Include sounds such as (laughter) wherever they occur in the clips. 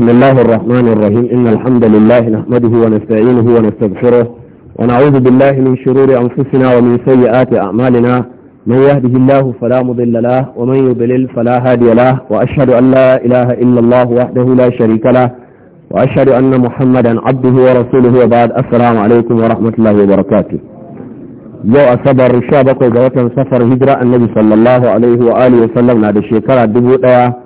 بسم الله الرحمن الرحيم إن الحمد لله نحمده ونستعينه ونستغفره ونعوذ بالله من شرور أنفسنا ومن سيئات أعمالنا من يهده الله فلا مضل له ومن يضلل فلا هادي له وأشهد أن لا إله إلا الله وحده لا شريك له وأشهد أن محمدا عبده ورسوله وبعد السلام عليكم ورحمة الله وبركاته yau أصبر sha bakwai سفر هجرة النبي صلى الله عليه وآله وسلم نادي wasallam na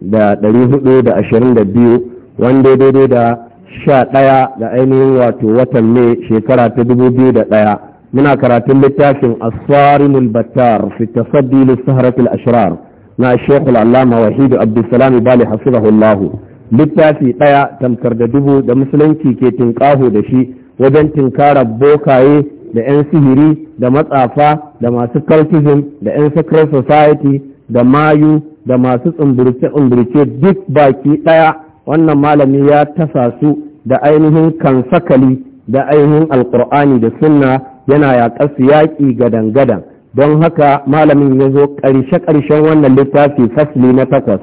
da ɗari hudu da ashirin da biyu wanda daidai da sha ɗaya da ainihin wato watan mai shekara ta dubu biyu da ɗaya muna karatun littafin asarimul battar fi tasaddi lissaharatul ashrar na shekul allama wahidu abdulsalam bali hafizahullahu littafi ɗaya tamkar da dubu da musulunci ke tinƙaho da shi wajen tinkara bokaye da 'yan sihiri da matsafa da masu cultism da 'yan secret society da mayu da masu tsumburce-tsumburce duk baki ɗaya wannan malami ya tasa su da ainihin kansakali da ainihin alkur'ani da sunna yana yaƙar su yaƙi gadan-gadan don haka malamin ya zo ƙarshe-ƙarshen wannan littafi fasli na takwas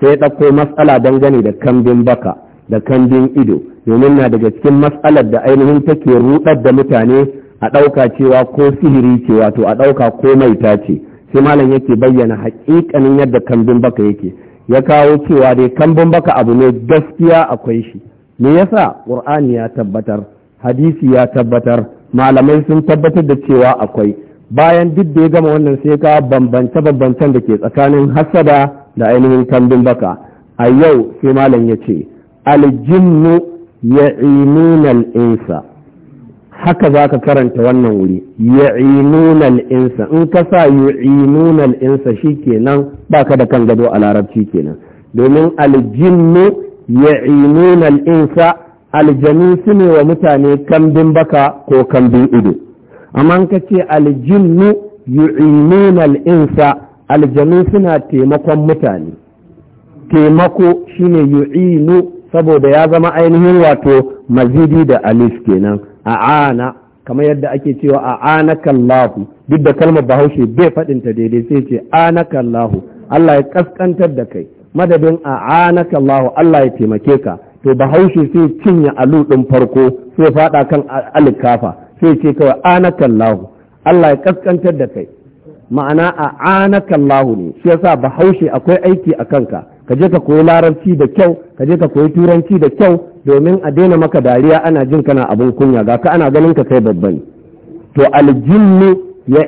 sai ɗauko matsala dangane da kambin baka da kambin ido domin na daga cikin matsalar da ainihin take ruɗar da mutane a ɗauka cewa ko sihiri ce wato a ɗauka ko maita ce sai malam yake bayyana haƙiƙanin yadda kambin baka yake ya kawo cewa dai kambin baka abu ne gaskiya akwai shi me yasa qur'ani ya tabbatar hadisi ya tabbatar malamai sun tabbatar da cewa akwai bayan duk da ya gama wannan sai ka bambance bambancen da ke tsakanin hasada da ainihin kambin baka a yau sai malam ya ce aljinnu ya'imuna al-insa haka za ka karanta wannan wuri ya'inuna insa in ka sa ya'inuna al'insa shi kenan baka da kan gado a larabci kenan domin aljinnu ya'inuna insa aljanu su ne wa mutane kambin baka ko kambin ido amma in ka ce aljinnu yu'inuna al'insa aljanu suna taimakon mutane taimako shine yu'inu saboda ya zama ainihin wato mazidi da alif kenan a'ana kamar yadda ake cewa a'anaka Allah duk da kalmar Bahaushe bai faɗin ta daidai sai ce anaka Allah Allah ya kaskantar da kai madadin a'anaka Allah Allah ya taimake ka to Bahaushe sai cinye alu din farko sai fada kan alikafa sai ce kawai anaka Allah Allah ya kaskantar da kai ma'ana a'anaka Allah ne shi yasa Bahaushe akwai aiki a kanka ka je ka koyi larabci da kyau ka je ka koyi turanci da kyau domin a daina maka dariya ana jin kana abin kunya ga ka ana ganin ka kai babban to aljinnu ya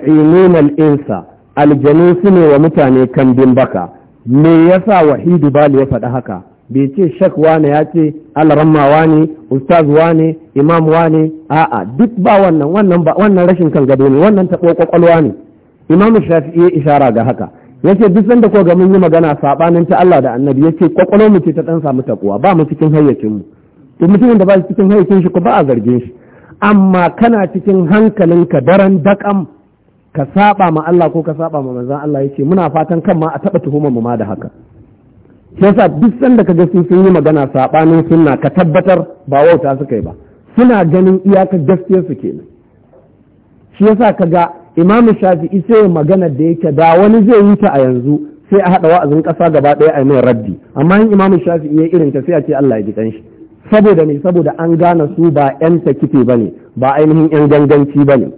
al insa aljanu su ne wa mutane kan baka me yasa wahidu bali ya faɗi haka bai ce shak wane ya ce wa wane ustaz wane imam wane a'a duk ba wannan wannan rashin kan gado ne wannan taɓo kwakwalwa ne imam shafi'i ishara ga haka yace duk sanda ko ga mun yi magana sabanin ta Allah da Annabi yake kwakwalo mu ce ta dan samu takuwa ba mu cikin hayyacin mu to mutumin da ba shi cikin hayyacin shi ko ba a zargin shi amma kana cikin hankalin ka daren dakam ka saba ma Allah ko ka saba ma manzon Allah yake muna fatan kan ma a taba tuhumar mu ma da haka yasa duk sanda ka ga sun sun yi magana sabanin sunna ka tabbatar ba wauta suka yi ba suna ganin iyakar gaskiyar su kenan shi yasa ka ga imam shafi'i sai magana da yake da wani zai yi ta a yanzu sai a haɗa wa'azin ƙasa gaba ɗaya a mai raddi amma in imam shafi'i ya irin ta sai a ce Allah ya ji kanshi saboda ne saboda an gane su ba yan takife bane ba ainihin yan ganganci bane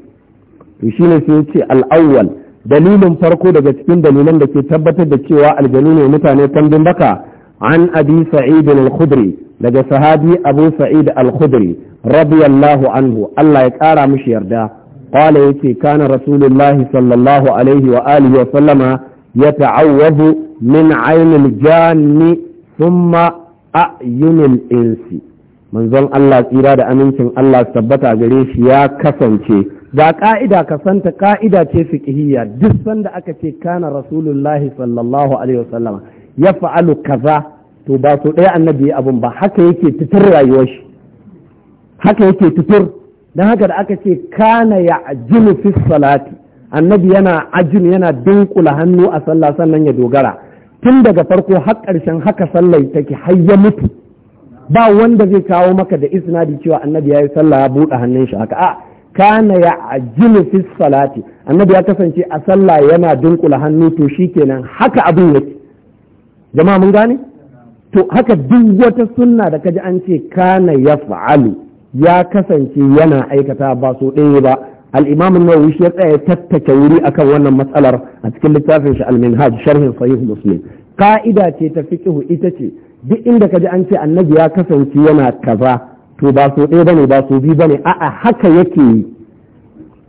to shine sai yace ce al dalilin farko daga cikin dalilan da ke tabbatar da cewa aljanu ne mutane tambin baka an abi sa'id al-khudri daga sahabi abu sa'id al-khudri radiyallahu anhu Allah ya kara mishi yarda qala yace kana rasulullahi sallallahu alaihi wa alihi wa sallama yata'awwadu min ainil janni thumma ayunil insi manzon Allah tsira da amincin Allah tabbata gare shi ya kasance ga ka'ida kasanta ka'ida ce fiqhiyya duk sanda aka ce kana rasulullahi sallallahu alaihi wasallama ya fa'alu kaza to basu so ɗaya annabi abun ba haka yake fitar rayuwar haka yake fitar don haka da aka ce kana ya ajilu fi salati annabi yana ajin yana dunkula hannu a sallah sannan ya dogara tun daga farko har ƙarshen haka sallah take har ya mutu ba wanda zai kawo maka da isnadi cewa annabi ya yi sallah ya buɗe hannun shi haka a kana ya ajilu fi salati annabi ya kasance a sallah yana dunkula hannu to shikenan haka abin yake jama'a mun gane to haka duk wata sunna da kaji an ce kana ya fa'alu ya kasance yana aikata ba so ɗaya ba al nawawi shi ya tsaya tattake wuri akan wannan matsalar a cikin littafin shi al-minhaj sharhin sahih muslim ka'ida ce ta fiqh ita ce duk inda kaji an ce annabi ya kasance yana kaza to ba so ɗaya bane ba so biyu bane a'a haka yake yi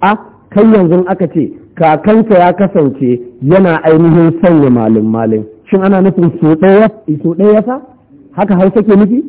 a kai yanzu aka ce kakanka ya kasance yana ainihin sanya malin malin shin ana nufin so ɗaya so ɗaya haka hausa ke nufi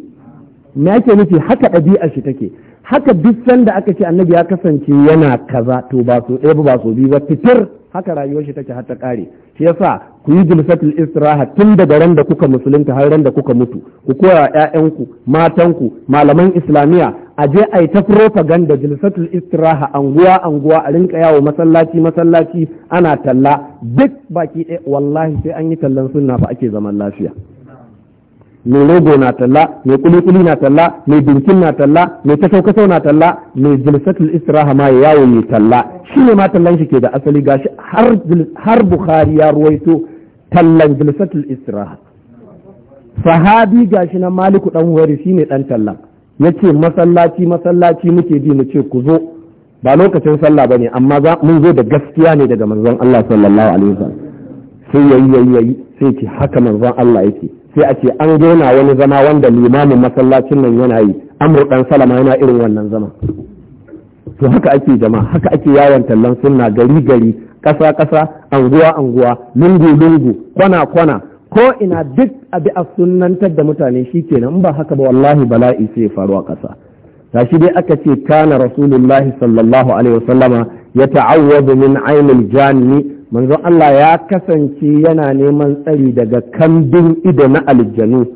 me ake nufi haka ɗabi'ar shi take haka duk sanda aka ce annabi ya kasance yana kaza to ba so ɗaya ba so biyu ba fitar haka rayuwar shi take har ta ƙare shi yasa ku yi jilsatul istiraha tun daga ran da kuka musulunta har ran da kuka mutu ku koya ƴaƴanku matanku malaman islamiyya a je a yi ta propaganda jilsatul istiraha anguwa anguwa a rinka yawo masallaci masallaci ana talla duk baki ɗaya wallahi sai an yi tallan sunna fa ake zaman lafiya mai rogo na talla mai kulikuli na talla mai binkin na talla mai kasau kasau na talla mai jilsatul istiraha ma ya yawo mai talla shi ne ma tallan shi ke da asali gashi har bukhari ya ruwaito tallan jilsatul istiraha sahabi gashi na maliku dan wari shine dan tallan yace masallaci masallaci muke bi mu ku zo ba lokacin sallah ba ne, amma mun zo da gaskiya ne daga manzon Allah sallallahu alaihi wasallam sai yayi yayi sai ce haka manzon Allah yake sai a ce an gona wani zama wanda limamin masallacin nan yana yi Amurkan salama yana irin wannan zama to haka ake jama'a haka ake yawon tallan sunna gari gari ƙasa ƙasa anguwa anguwa lungu lungu kwana kwana ko ina duk abi a sunnantar da mutane shi kenan in ba haka ba wallahi bala'i sai faru a ƙasa tashi dai aka ce kana rasulullahi sallallahu alaihi wasallama ya ta'awwadu min ainil janni manzon Allah ya kasance yana neman tsari daga kambin ido na aljanu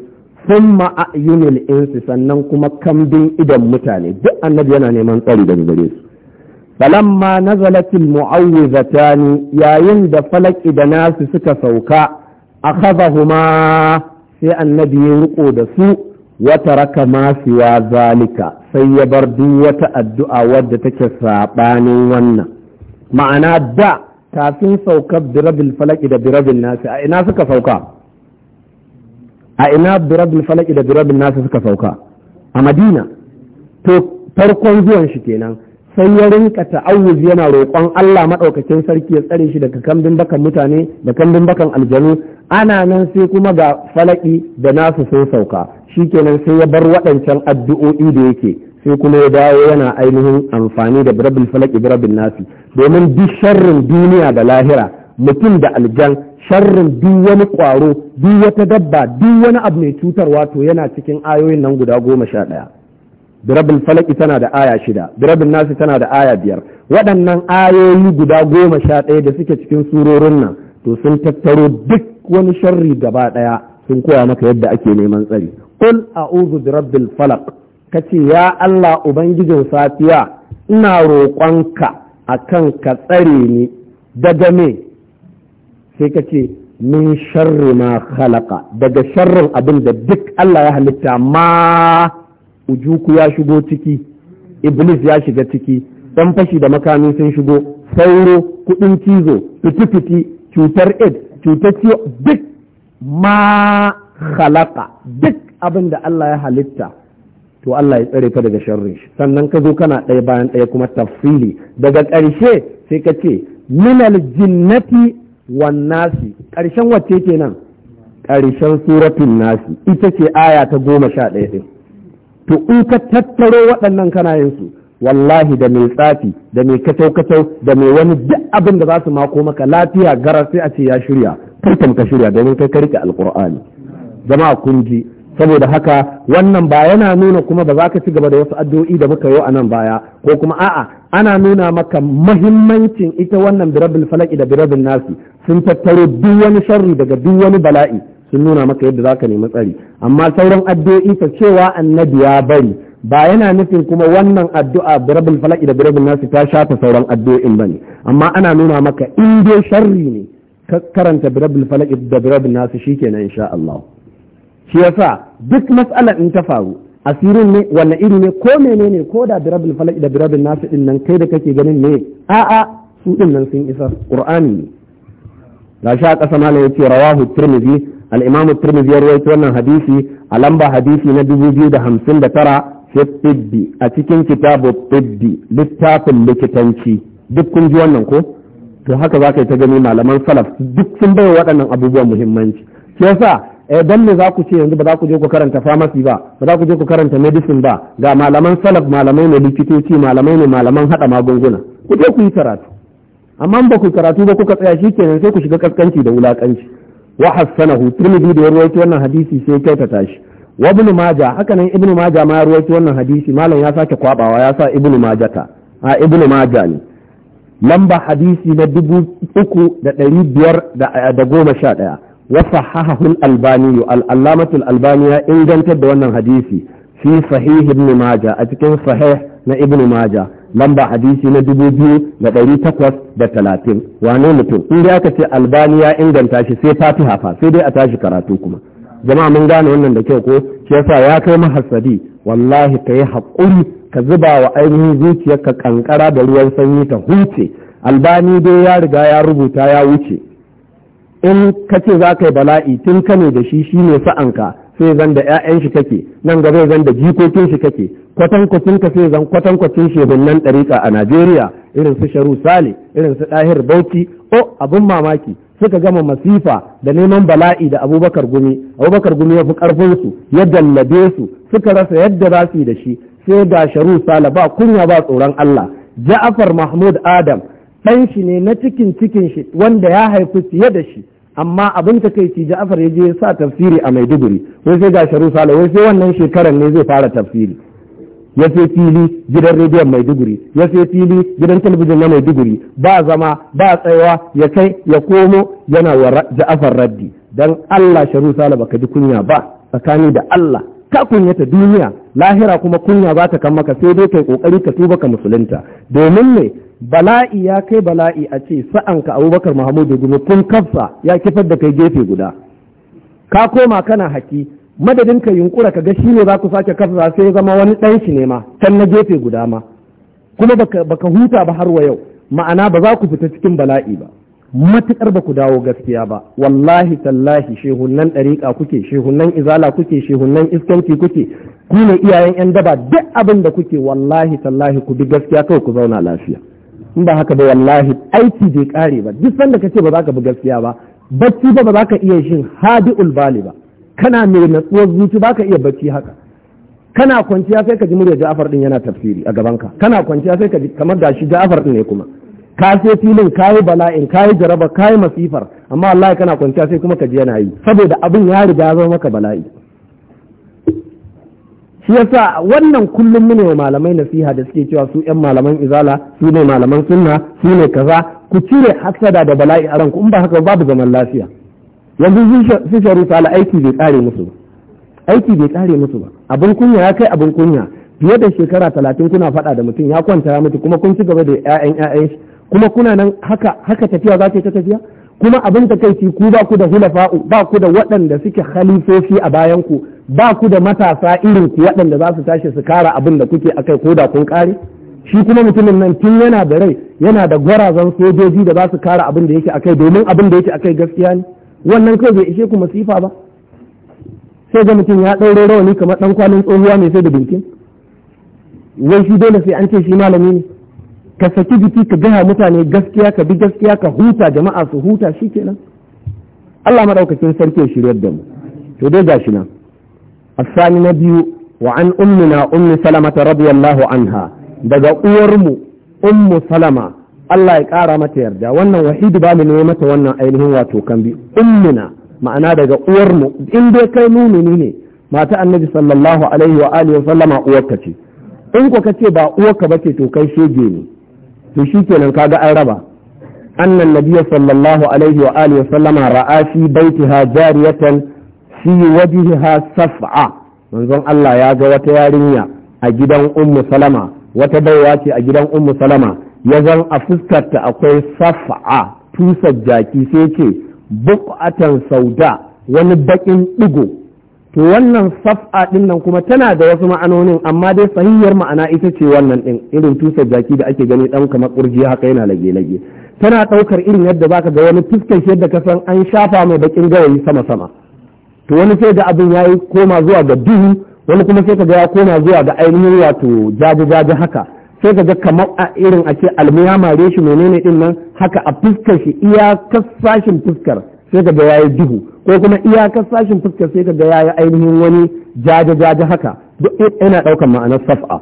thumma a'yunil insi sannan kuma kambin idon mutane duk annabi yana neman tsari daga gare su falamma nazalatil mu'awwizatani yayin da falaki da nasu suka sauka akhadhahuma sai annabi ya riko da su wata raka masuwa zalika sai ya bar duk wata addu'a wadda take saɓanin wannan ma'ana da kafin saukar birabil falaki da birabil nasi a ina suka sauka a ina birabil falaki da birabil nasi suka sauka a madina to farkon zuwan shi kenan sai ya rinka ta'awuz yana roƙon Allah maɗaukakin sarki ya tsare shi daga kambin bakan mutane da kambin bakan aljanu ana nan sai kuma ga falaki da nasu sun sauka shikenan sai ya bar waɗancan addu'o'i da yake sai kuma ya dawo yana ainihin amfani da birabil falaki birabil nasi domin duk sharrin duniya da lahira mutum da aljan sharrin duk wani kwaro duk wata dabba duk wani abu mai cutarwa to yana cikin ayoyin nan guda goma sha ɗaya birabil falaki tana da aya shida birabil nasi tana da aya biyar waɗannan ayoyi guda goma sha ɗaya da suke cikin surorin nan to sun tattaro duk wani sharri gaba ɗaya sun koya maka yadda ake neman tsari qul a'udhu birabbil falaq ka ce ya Allah ubangijin safiya ina roƙonka a kan ka tsare ni daga me sai ka ce min sharri ma halaka daga sharrin abin da duk Allah ya halitta ma ujuku ya shigo ciki iblis ya shiga ciki dan fashi da makami sun shigo sauro kuɗin cizo fiti-fiti cutar aids cutar ciwo duk ma halaka duk abin da Allah ya halitta to Allah ya tsare ka daga sharri sannan ka zo kana ɗaya bayan ɗaya kuma tafsili daga ƙarshe sai ka ce minal jinnati wan nasi ƙarshen wacce nan? ƙarshen suratun nasi ita ce aya ta goma sha ɗaya ɗin to in ka tattaro waɗannan kana yin su wallahi da mai tsafi da mai kacau-kacau da mai wani duk abin da za su mako maka lafiya gara sai a ce ya shirya kai ka shirya domin kai ka rike alkur'ani Zama kun ji saboda haka wannan ba yana nuna kuma ba za ka ci gaba da wasu addu'o'i da muka yi a nan baya ko kuma a'a ana nuna maka mahimmancin ita wannan birabil falaki da birabil nasi sun tattaro duk wani sharri daga duk wani bala'i sun nuna maka yadda za ka nemi tsari amma sauran addu'o'i ta cewa annabi ya bari ba yana nufin kuma wannan addu'a birabil falaki da birabil nasi ta shafa sauran addu'o'in ne amma ana nuna maka in dai sharri ne ka karanta birabil falaki da birabil nasi shikenan insha Allah shi yasa duk matsala in ta faru asirin ne wanne iri ne ko menene ko da birabil falak da birabil nasu din nan kai da kake ganin ne a'a su din nan sun isa qur'ani ne shi a ƙasa malam yace rawahu tirmidhi al-imamu tirmidhi ya rawaito wannan hadisi a lamba hadisi na 2059 fi tibbi a cikin kitabu tibbi littafin likitanci duk kun ji wannan ko to haka za yi ta gani malaman salaf duk sun bai waɗannan abubuwan muhimmanci shi yasa eh dan me za ku ce yanzu ba za ku je ku karanta pharmacy ba ba za ku je ku karanta medicine ba ga malaman salaf malamai ne likitoci malamai ne malaman hada magunguna ku je ku yi karatu amma ba ku karatu ba kuka tsaya shikenan sai ku shiga kaskanci da wulakanci wa hasanahu tirmidhi da rawaito wannan hadisi sai kyautata shi wa ibnu maja haka nan ibnu maja ma rawaito wannan hadisi malam ya sake kwabawa ya sa ibnu majata a ibnu maja ne lamba hadisi na dubu uku da ɗari biyar da goma sha ɗaya wa sahahahu al-albani al-allamatu al-albani ya ingantar da wannan hadisi fi sahih maja a cikin sahih na ibn Maja lamba hadisi na dubu biyu da ɗari takwas da talatin wane mutum in dai aka ce albani ya inganta shi sai fatiha fa sai dai a tashi karatu kuma jama'a mun gane wannan da kyau ko shi yasa ya kai mahasadi wallahi ka yi haƙuri ka zuba wa ainihin zuciyarka kankara da ruwan sanyi ta huce albani dai ya riga ya rubuta ya wuce in ka ce za ka yi bala'i tun ka ne da shi shi ne sa'anka sai zan da 'ya'yan shi kake nan gaba zan da jikokin shi kake kwatankwacin ka sai zan kwatankwacin shebunnan ɗariƙa a najeriya irin su sharu sale irin su ɗahir bauchi o abun mamaki suka gama masifa da neman bala'i da abubakar gumi abubakar gumi ya fi su ya dallabe su suka rasa yadda za su yi da shi sai ga sharu sale ba kunya ba tsoron allah ja'afar mahmud adam ɗan shi ne na cikin cikin shi wanda ya haifi fiye da shi amma abin ta kai ci Ja'far ya je ya sa tafsiri a Maiduguri wai sai ga Sharu Sale wai sai wannan shekarar ne zai fara tafsiri ya sai fili gidan rediyon Maiduguri ya sai fili gidan talabijin na Maiduguri ba zama ba tsayawa ya kai ya komo yana wa Ja'far raddi dan Allah Sharu Sale baka ji kunya ba tsakani da Allah ka kunyata duniya lahira kuma kunya ba ta kan maka sai dai kai kokari ka tuba ka musulunta domin ne bala'i ya kai bala'i a ce sa'anka abubakar mahamudu gumi kun kafsa ya kifar da kai gefe guda ka koma kana haki madadin ka yunkura ka ga shi ne za ku sake kafsa sai ya zama wani ɗan shi ne ma can na gefe guda ma kuma baka huta ba har wa yau ma'ana ba za ku fita cikin bala'i ba Matukar ba ku dawo gaskiya ba wallahi tallahi shehunan ɗariƙa kuke shehunan izala kuke shehunan iskanci kuke ku ne iyayen yan daba duk abin da kuke wallahi tallahi ku bi gaskiya kawai ku zauna lafiya in ba haka ba wallahi aiki bai kare ba duk sanda kace ba za ka bi gaskiya ba bacci ba ba ka iya shin hadi'ul bali ba kana mai natsuwar zuci ba ka iya bacci haka kana kwanciya sai ka ji murya Ja'far din yana tafsiri a gaban ka kana kwanciya sai ka ji kamar gashi Ja'far din ne kuma ka sai filin kayi bala'in kayi jaraba kayi masifar amma wallahi kana kwanciya sai kuma ka ji yana yi saboda abin ya riga ya zama maka bala'i shi yasa wannan kullum mune wa malamai nasiha da suke cewa su yan malaman izala su ne malaman sunna su ne kaza ku cire hasada da bala'i a ranku in ba haka babu zaman lafiya yanzu su ala sala aiki bai kare musu ba aiki bai kare musu ba abin kunya ya kai abin kunya fiye da shekara talatin kuna faɗa da mutum ya kwanta ya mutu kuma kun ci gaba da 'ya'yan 'ya'yan shi kuma kuna nan haka haka tafiya za ta tafiya kuma abin takaici ku ba ku da hulafa'u ba ku da waɗanda suke halifofi a bayan ku ba ku da matasa irin ku waɗanda za su tashi su kara abin da kuke akai ko da kun kare shi kuma mutumin nan tun yana da rai yana da gwarazan sojoji da za su kara abin da yake akai domin abin da yake akai gaskiya ne wannan kai bai ishe ku masifa ba sai ga mutum ya ɗaure rawani kamar ɗan kwanin tsohuwa mai sai da binkin wai shi dole sai an ce shi malami ne ka saki jiki ka gaya mutane gaskiya ka bi gaskiya ka huta jama'a su huta shi kenan Allah maɗaukakin sarki shiryar da mu to dai gashi nan الثاني نبي وعن أمنا أم سلمة رضي الله عنها دقا أورم أم سلمة الله يقارى متى يرجع وانا وحيد بامي نومة وانا أينه واتو كان بي أمنا معنا دقا أورم إن دي كانوني نيني ما تأى النبي صلى الله عليه وآله وسلم أوكتي in ku ka ce ba uwarka ba ce to kai shege ne to shi kenan kaga an raba annan nabiyyu sallallahu alaihi wa alihi sallama ra'a fi baitiha jariyatan fi wajhiha saf'a manzon Allah ya ga wata yarinya a gidan ummu salama wata baiwa ce a gidan ummu salama ya zan a fuskarta akwai saf'a tusar jaki sai ce buƙatan sauda wani baƙin ɗigo to wannan saf'a ɗin nan kuma tana da wasu ma'anonin amma dai sahihiyar ma'ana ita ce wannan ɗin irin tusar jaki da ake gani ɗan kamar ƙurji haka yana lage-lage tana ɗaukar irin yadda baka ga wani fuskar yadda ka san an shafa mai baƙin gawayi sama-sama to wani sai da abin ya yi koma zuwa ga duhu wani kuma sai kaga ya koma zuwa ga ainihin wato jaji-jaji haka sai kaga kamar a irin a ce almiya mare shi menene din nan haka a fuskar shi iyakar sashin fuskar sai kaga ya yi duhu ko kuma iyakar sashin fuskar sai kaga ya yi ainihin wani jaji-jaji haka duk ina ɗaukar ma'anar saf'a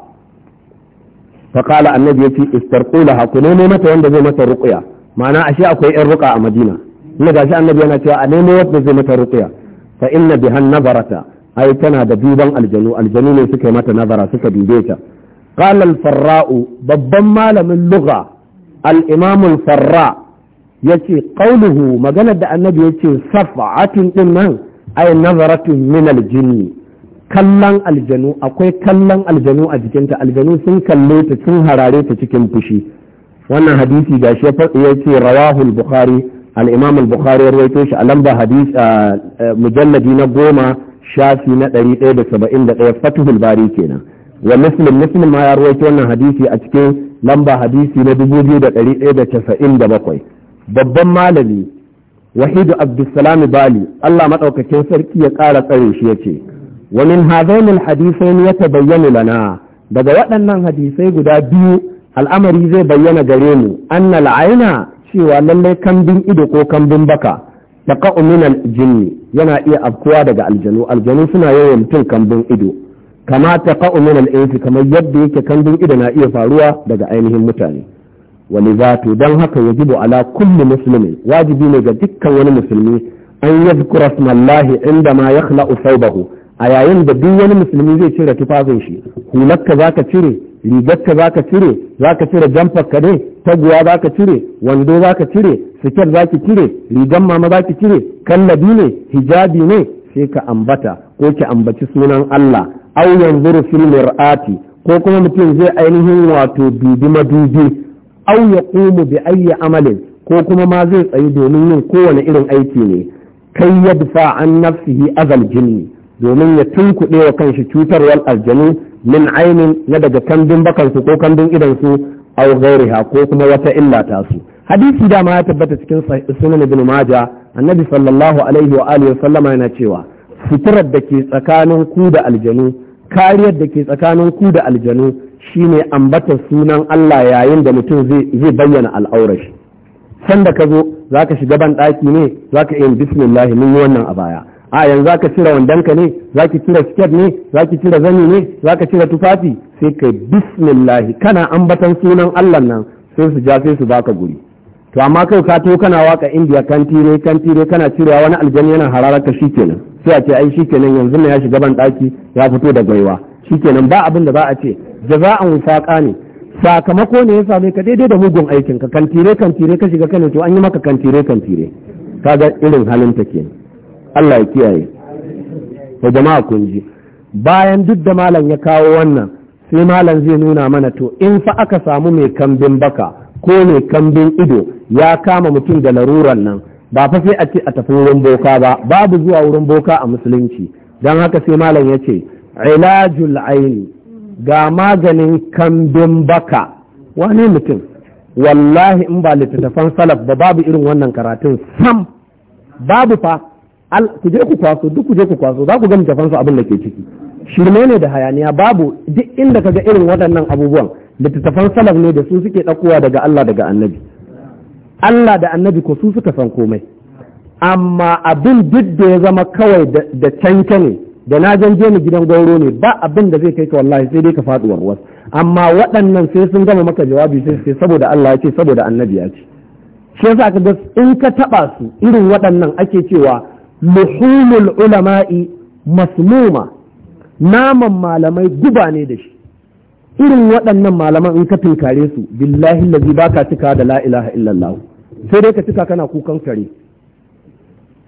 faƙala annabi ya ce istarqulaha ku mata wanda zai mata ruqya ma'ana ashe akwai yan ruqa a madina ina gashi annabi yana cewa a nemo wanda zai mata ruqya fa inna bihan nazarata ai tana da duban aljanu aljanu ne suka yi mata nazara suka dube ta qala al-farra'u babban malamin lugha al-imam al-farra yace qawluhu magana da annabi yace safa'atin din nan ai nazaratun min al-jinni kallon aljanu akwai kallon aljanu a jikinta aljanu sun kalle ta sun harare ta cikin fushi wannan hadisi gashi ya ce rawahul bukhari al-imam al-bukhari ya rawaito shi a lamba na goma shafi na 171 fatuhul bari kenan wa muslim muslim ma ya rawaito wannan hadisi a cikin lamba hadisi na da da 2197 babban malami wahidu abdussalam bali Allah madaukakin sarki ya kara tsare shi yace hadisai min ya ta yatabayyanu lana daga waɗannan hadisai guda biyu al'amari zai bayyana gare mu annal la'aina. cewa lallai kambin ido ko kambin baka daga uminal jinni yana iya afkuwa daga aljanu aljanu suna yawan mutum kambin ido kama ta ka'uminal insi kamar yadda yake kambin ido na iya faruwa daga ainihin mutane wani zato don haka yajibu ala kulli musulmin wajibi ne ga dukkan wani musulmi an yadhkura Mallahi, inda ma yakhla'u thawbahu a yayin da duk wani musulmi zai cire tufafin shi za zaka cire rigarka za ka cire za ka cire jamfar ka ne taguwa za ka cire wando za ka cire sikar za ki cire rigar mama za ki cire kallabi ne hijabi ne sai ka ambata ko ki ambaci sunan Allah au yanzuru fil mir'ati ko kuma mutum zai ainihin wato dubi madubi au yaqumu bi ayyi amalin ko kuma ma zai tsayi domin yin kowane irin aiki ne kai yadfa an nafsihi azal jinni domin ya tunkuɗe wa kanshi cutarwar aljanu min ainin na daga kambin bakansu ko kambin idansu aw ha ko kuma wata illa ta su hadisi dama ya tabbata cikin sunan ibn maja annabi sallallahu alaihi wa alihi sallama yana cewa fitrar da ke tsakanin ku da aljanu kariyar da ke tsakanin ku da aljanu shine ambatar sunan Allah yayin da mutum zai bayyana al'aurashi, sanda ka zo zaka shiga ban daki ne zaka yi bismillah mun yi wannan a baya a yanzu za ka cire wandonka ne Za ki cire siket ne Za ki cire zani ne Za ka cire tufafi sai ka bismillahi kana ambatan sunan Allah nan sai su ja sai su baka guri to amma kai ka to kana waka indiya kantire tire kana cirewa wani aljani yana ka shikenan sai a ce ai shikenan yanzu ne ya shiga ban daki ya fito da gaiwa shikenan ba abin da za a ce jaza'an wufaqa ne sakamako ne ya same ka daidai da mugun aikin ka kantire kantire ka shiga kana to an yi maka kantire kantire kaga irin halin ta kenan Allah ya kiyaye to jama'a kun ji bayan duk da malam ya kawo wannan sai malam zai nuna mana to in fa aka samu mai kambin baka ko mai kambin ido ya kama mutum da laruran nan ba fa sai a ce a tafi wurin boka ba babu zuwa wurin boka a musulunci Dan haka sai malam ya ce ilajul aini ga maganin kambin baka wani mutum wallahi in ba littattafan salaf ba babu irin wannan karatun sam babu fa ku je ku kwaso duk ku je ku kwaso za ku ga mutafan su abin da ke ciki shirme ne da hayaniya babu duk inda ka ga irin waɗannan abubuwan littattafan salaf ne da su suke ɗakuwa daga Allah daga annabi Allah da annabi ko su suka san komai amma abin duk da ya zama kawai da canke ne da na janje ni gidan gauro ne ba abin da zai kai ka wallahi sai dai ka faɗi warwas amma waɗannan sai sun gama maka jawabi sai sai saboda Allah ya ce saboda annabi ya ce shi yasa ka in ka taɓa su irin waɗannan ake cewa luhumul ulama'i masmuma naman malamai guba ne da shi irin waɗannan malaman in ka tunkare su billahi lazi ba ka cika da la ilaha illallah sai dai ka cika kana kukan kare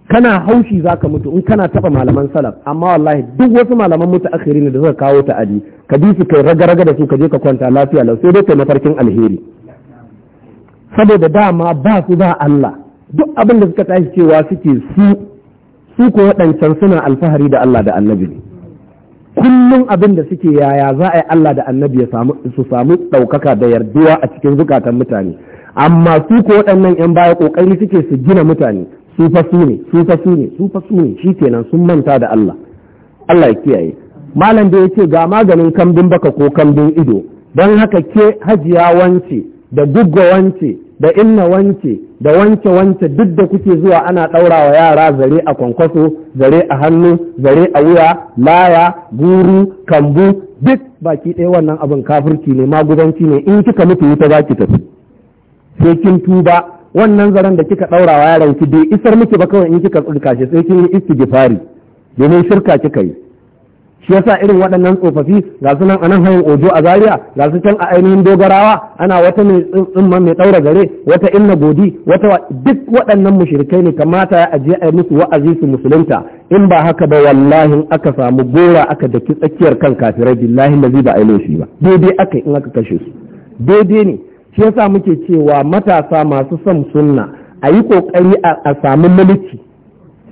kana haushi za ka mutu in kana taɓa malaman salaf amma wallahi duk wasu malaman mutu akhiri ne da suka kawo ta'adi ka bi su kai raga-raga da su ka je ka kwanta lafiya lau sai dai kai mafarkin alheri saboda dama ba su ba Allah duk abin da suka tashi cewa suke su su ko waɗancan suna alfahari da Allah da annabi ne kullum abin da suke yaya za a yi Allah da annabi su samu ɗaukaka da yarduwa a cikin zukatan mutane amma su ko waɗannan 'yan baya ƙoƙari suke su gina mutane su fa su ne su fa su ne su fa su ne kenan sun manta da Allah Allah ya kiyaye malam ya ce, ga maganin kambin baka ko kambin ido don haka ke hajiya wance da guggawance da inna wanke da wanke wance duk da kuke zuwa ana ɗaurawa yara zare a kwankwaso zare a hannu zare a wuya laya guru kambu duk baki ɗaya wannan abin kafirci ne magudanci ne in kika mutu wuta za ki tafi sai kin tuba wannan zaren da kika ɗaurawa yaran ki bai isar miki ba kawai in kika tsurka shi sai kin yi istighfari domin shirka kika yi shi yasa irin waɗannan tsofaffi ga su nan anan hayin ojo a zaria ga su can a ainihin dogarawa ana wata mai tsimman mai ɗaura gare wata inna godi wata duk waɗannan mushirikai ne kamata ya ajiye a musu wa'azi su musulunta in ba haka ba wallahi aka samu gora aka daki tsakiyar kan kafirai billahi zai ba ailo shi ba daidai aka in aka kashe su daidai ne shi yasa muke cewa matasa masu son sunna a yi kokari a samu mulki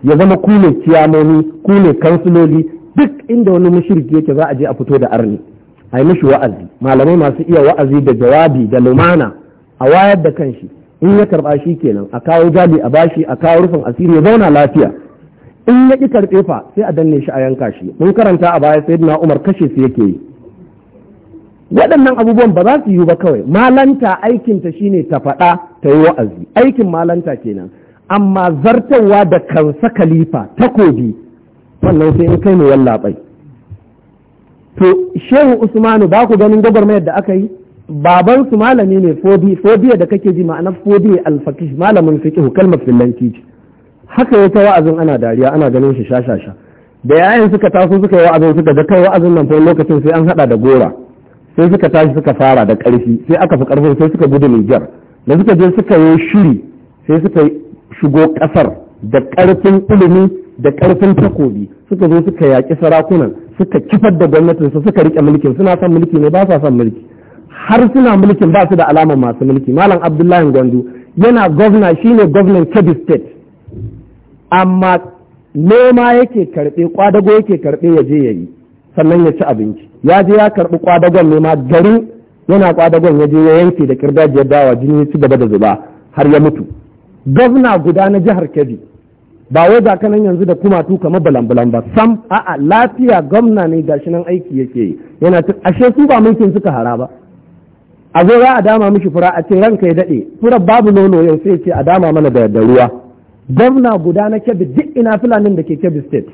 ya zama ku ne ciyamomi ku ne kansiloli duk inda wani mushriki yake za a je a fito da arni a yi mishi wa'azi malamai masu iya wa'azi da jawabi da lumana a wayar da kanshi, in ya karba shi kenan a kawo jali a bashi a kawo rufin asiri ya zauna lafiya in ya ƙi karɓe fa sai a danne shi a yanka shi mun karanta a baya sayyidina Umar kashe su yake yi waɗannan abubuwan ba za su yiwu ba kawai malanta aikinta shine ta faɗa ta yi wa'azi aikin malanta kenan amma zartarwa da kansa kalifa takobi wannan sai in kai ne wallaɓai to shehu usmanu ba ku ganin gwagwarmayar da aka yi baban su malami ne fobi. fobiya da kake ji ma'ana fobi alfaqih malamin fiqh kalmar fillanci ce haka ya ta wa'azin ana dariya ana ganin shi shashasha da yayin suka taso suka yi wa'azin suka ga kai wa'azin nan fa lokacin sai an hada da gora sai suka tashi suka fara da karfi sai aka fi karfin sai suka gudu Niger da suka je suka yi shiri sai suka shigo kasar da karfin ilimi da ƙarfin takobi suka zo suka yaƙi sarakunan suka kifar da gwamnatin su suka rike mulkin suna son mulki ne ba sa son mulki har suna mulkin ba su da alama masu mulki malam abdullahi gwandu yana gwamna shine gwamnan kebbi state amma noma yake karɓe kwadago yake karɓe ya je ya yi sannan ya ci abinci ya je ya karɓi kwadagon nema garin yana kwadagon ya je ya yanke da kirgajiyar dawa jini ya ci gaba da zuba har ya mutu gwamna guda na jihar kebbi ba wai ka kanan yanzu da kumatu kamar balambalan ba sam a'a lafiya gwamna ne gashi nan aiki yake yi yana ta. ashe su ba mulkin suka hara ba a zo za a dama mishi fura a ce ranka ya daɗe fura babu nono yau sai ce a dama mana da yadda ruwa gwamna guda na kebbi duk ina fulanin da ke kebbi state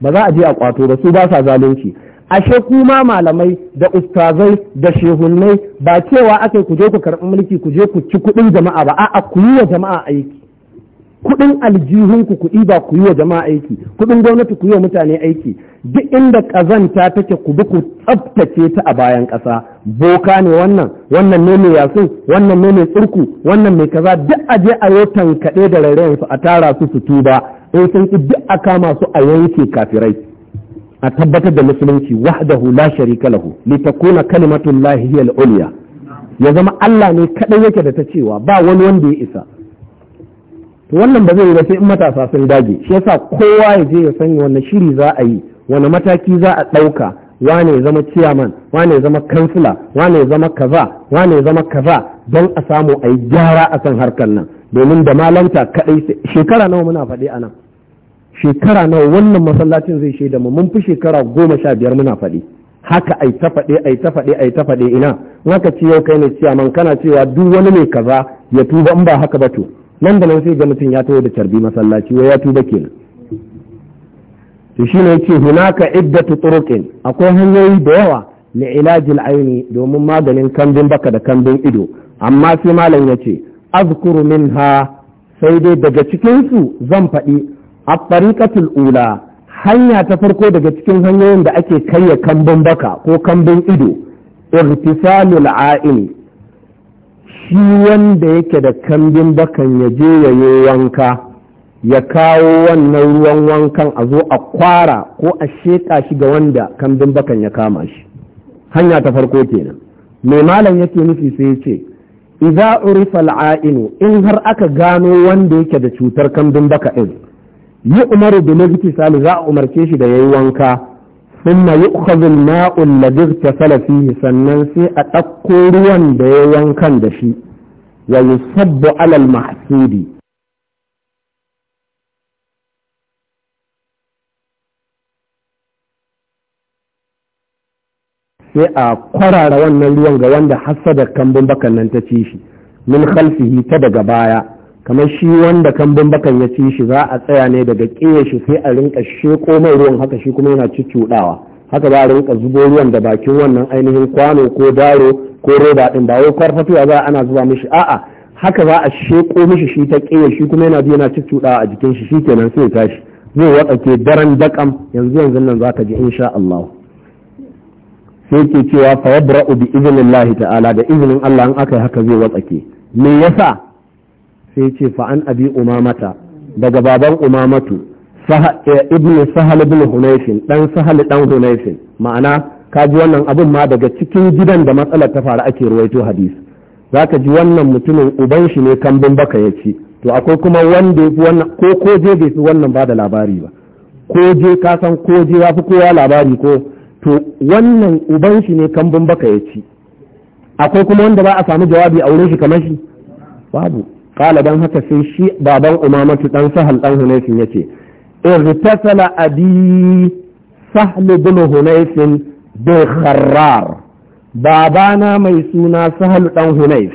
ba za a je a kwato ba su ba sa zalunci ashe kuma malamai da ustazai da shehunnai ba cewa aka ku je ku karɓi mulki ku je ku ci kuɗin jama'a ba a'a ku yi wa jama'a aiki kuɗin aljihunku ku ba ku yi wa jama'a aiki kuɗin gwamnati ku yi wa mutane aiki duk inda ƙazanta take ku bi ku tsabtace ta a bayan ƙasa boka ne wannan wannan ne mai yasin wannan ne mai tsurku wannan mai kaza duk a je a yau tankaɗe da rairayen su a tara su su tuba in sun ki duk a kama su a yanke kafirai a tabbatar da musulunci wahdahu la sharika lahu takuna kalimatullahi hiya al ya zama Allah ne kaɗai yake da ta cewa ba wani wanda ya isa wannan ba zai yi ba sai in matasa sun dage shi yasa kowa ya je ya sanya wani shiri za a yi wani mataki za a ɗauka wane ya zama ciyaman wane ya zama kansila wane ya zama kaza wane ya zama kaza don a samu a yi gyara a kan harkar nan domin da malanta kaɗai shekara nawa muna faɗi a nan shekara nawa wannan masallacin zai shaida mu mun fi shekara goma sha biyar muna faɗi haka ai ta faɗe ai ta faɗe ai ta faɗe ina haka ce yau kai ne ciyaman kana cewa duk wani mai kaza ya tuba in ba haka ba to nan da nan sai ga mutum ya taho da carbi masallaci wai ya tuba kenan to shine yace hunaka iddatu turuqin akwai hanyoyi da yawa li ilajil aini domin maganin kambin baka da kambin ido amma sai malam ya ce. azkuru minha sai dai daga cikin su zan faɗi A ula hanya ta farko daga cikin hanyoyin da ake kaiya kambin baka ko kambin ido irtisalul aini shi wanda yake da kambin bakan ya je ya yi wanka ya kawo wannan ruwan wankan a zo a kwara ko a sheƙa shi ga wanda kambin bakan ya kama shi hanya ta farko kenan mai malam yake nufi sai ya ce idza urifa al'ainu in har aka gano wanda yake da cutar kambin baka din yi umaru da nazki za a umarce shi da yayi wanka mimma yi al-ma'u alladhi ightasala fihi sannan sai a ɗauko ruwan da ya wankan da shi wa yi 'ala alal mahsudi sai a kwarara wannan ruwan ga wanda hassada kambun bakan nan ta ci shi min khalfihi ta daga baya kamar shi wanda kambun bakan ya ci shi za a tsaya ne daga ƙiye shi sai a rinka sheko mai ruwan haka shi kuma yana ci cucuɗawa haka za a rinka zubo ruwan da bakin wannan ainihin kwano ko daro ko roba ɗin ba wai kwarfatuwa za ana zuba mishi a'a haka za a sheko mishi shi ta ƙiye shi kuma yana yana cucuɗawa a jikin shi shikenan sai tashi zai watsake daren dakam yanzu yanzu nan za ka ji insha Allah sai ke cewa fa yabra'u bi idnillahi ta'ala da izinin Allah in aka yi haka zai watsake me yasa sai ce fa an abi umamata daga baban umamatu eh, ibn sahal ibn hunayfin dan sahal dan hunayfin ma'ana kaji wannan abin ma daga cikin gidan da matsalar ta faru ake ruwaito hadisi zaka ji wannan mutumin uban shi ne kambin baka ya ci to akwai kuma wanda yafi wannan ko ko je bai fi wannan ba da labari ba ko je ka san ko je ya fi kowa labari ko to wannan uban shi ne kambin baka ya ci akwai kuma wanda ba a samu jawabi a wurin shi kamar shi babu qala dan haka sai shi baban umamatu ɗan sahal dan hunayfin yace irtasala abi sahl ibn hunayfin bi kharrar babana mai suna sahal dan hunayf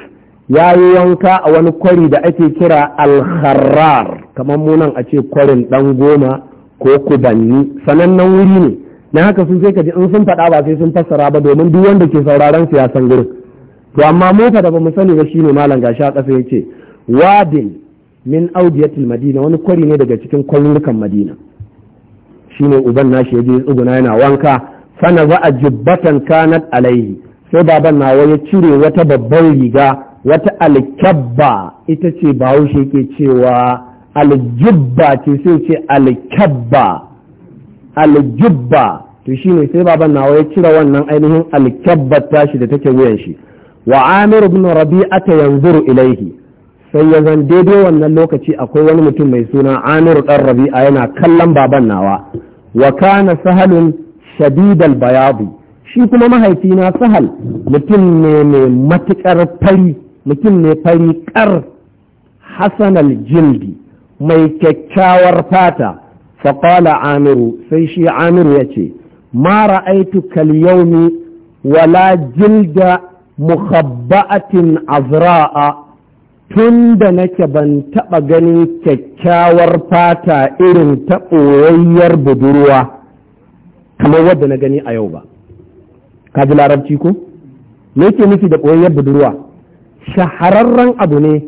yayi wanka a wani kwari da ake kira al kharrar kamar munan a ce kwarin ɗan goma ko kubanni sanannen wuri ne na haka sun sai kaji in sun faɗa ba sai sun fassara ba domin duk wanda ke sauraron su ya san gurin to amma mota da bamu sani ba shine malam gashi a ya ce. wadin min audiyatul madina wani kwari ne daga cikin kwallukan madina shine uban nashi ya je tsuguna yana wanka fana za a jubbatan kanat alaihi sai baban nawa ya cire wata babban riga wata alkyabba ita ce bahaushe ke cewa aljibba ce sai ce alkyabba aljubba to shine sai baban nawa ya cire wannan ainihin alkyabba tashi da take wuyan shi wa Amiru ibn rabi'a ta yanzuru ilaihi sai ya zan daidai wannan lokaci akwai wani mutum mai suna amiru ɗan rabi'a yana kallon baban nawa wa kana sahalun shadidal bayabu shi kuma mahaifina sahal mutum ne mai matuƙar fari mutum ne fari ƙar hasanal jildi mai kyakkyawar fata faƙala amiru sai shi amiru ya ce ma ra'aitu kal yaumi wala jilda mukhabba'atin azra'a tun da nake ban taɓa ganin kyakkyawar fata irin ta ɓoyayyar budurwa kamar wadda na gani a yau ba ka ji larabci ko me ke nufi da ɓoyayyar budurwa shahararren abu ne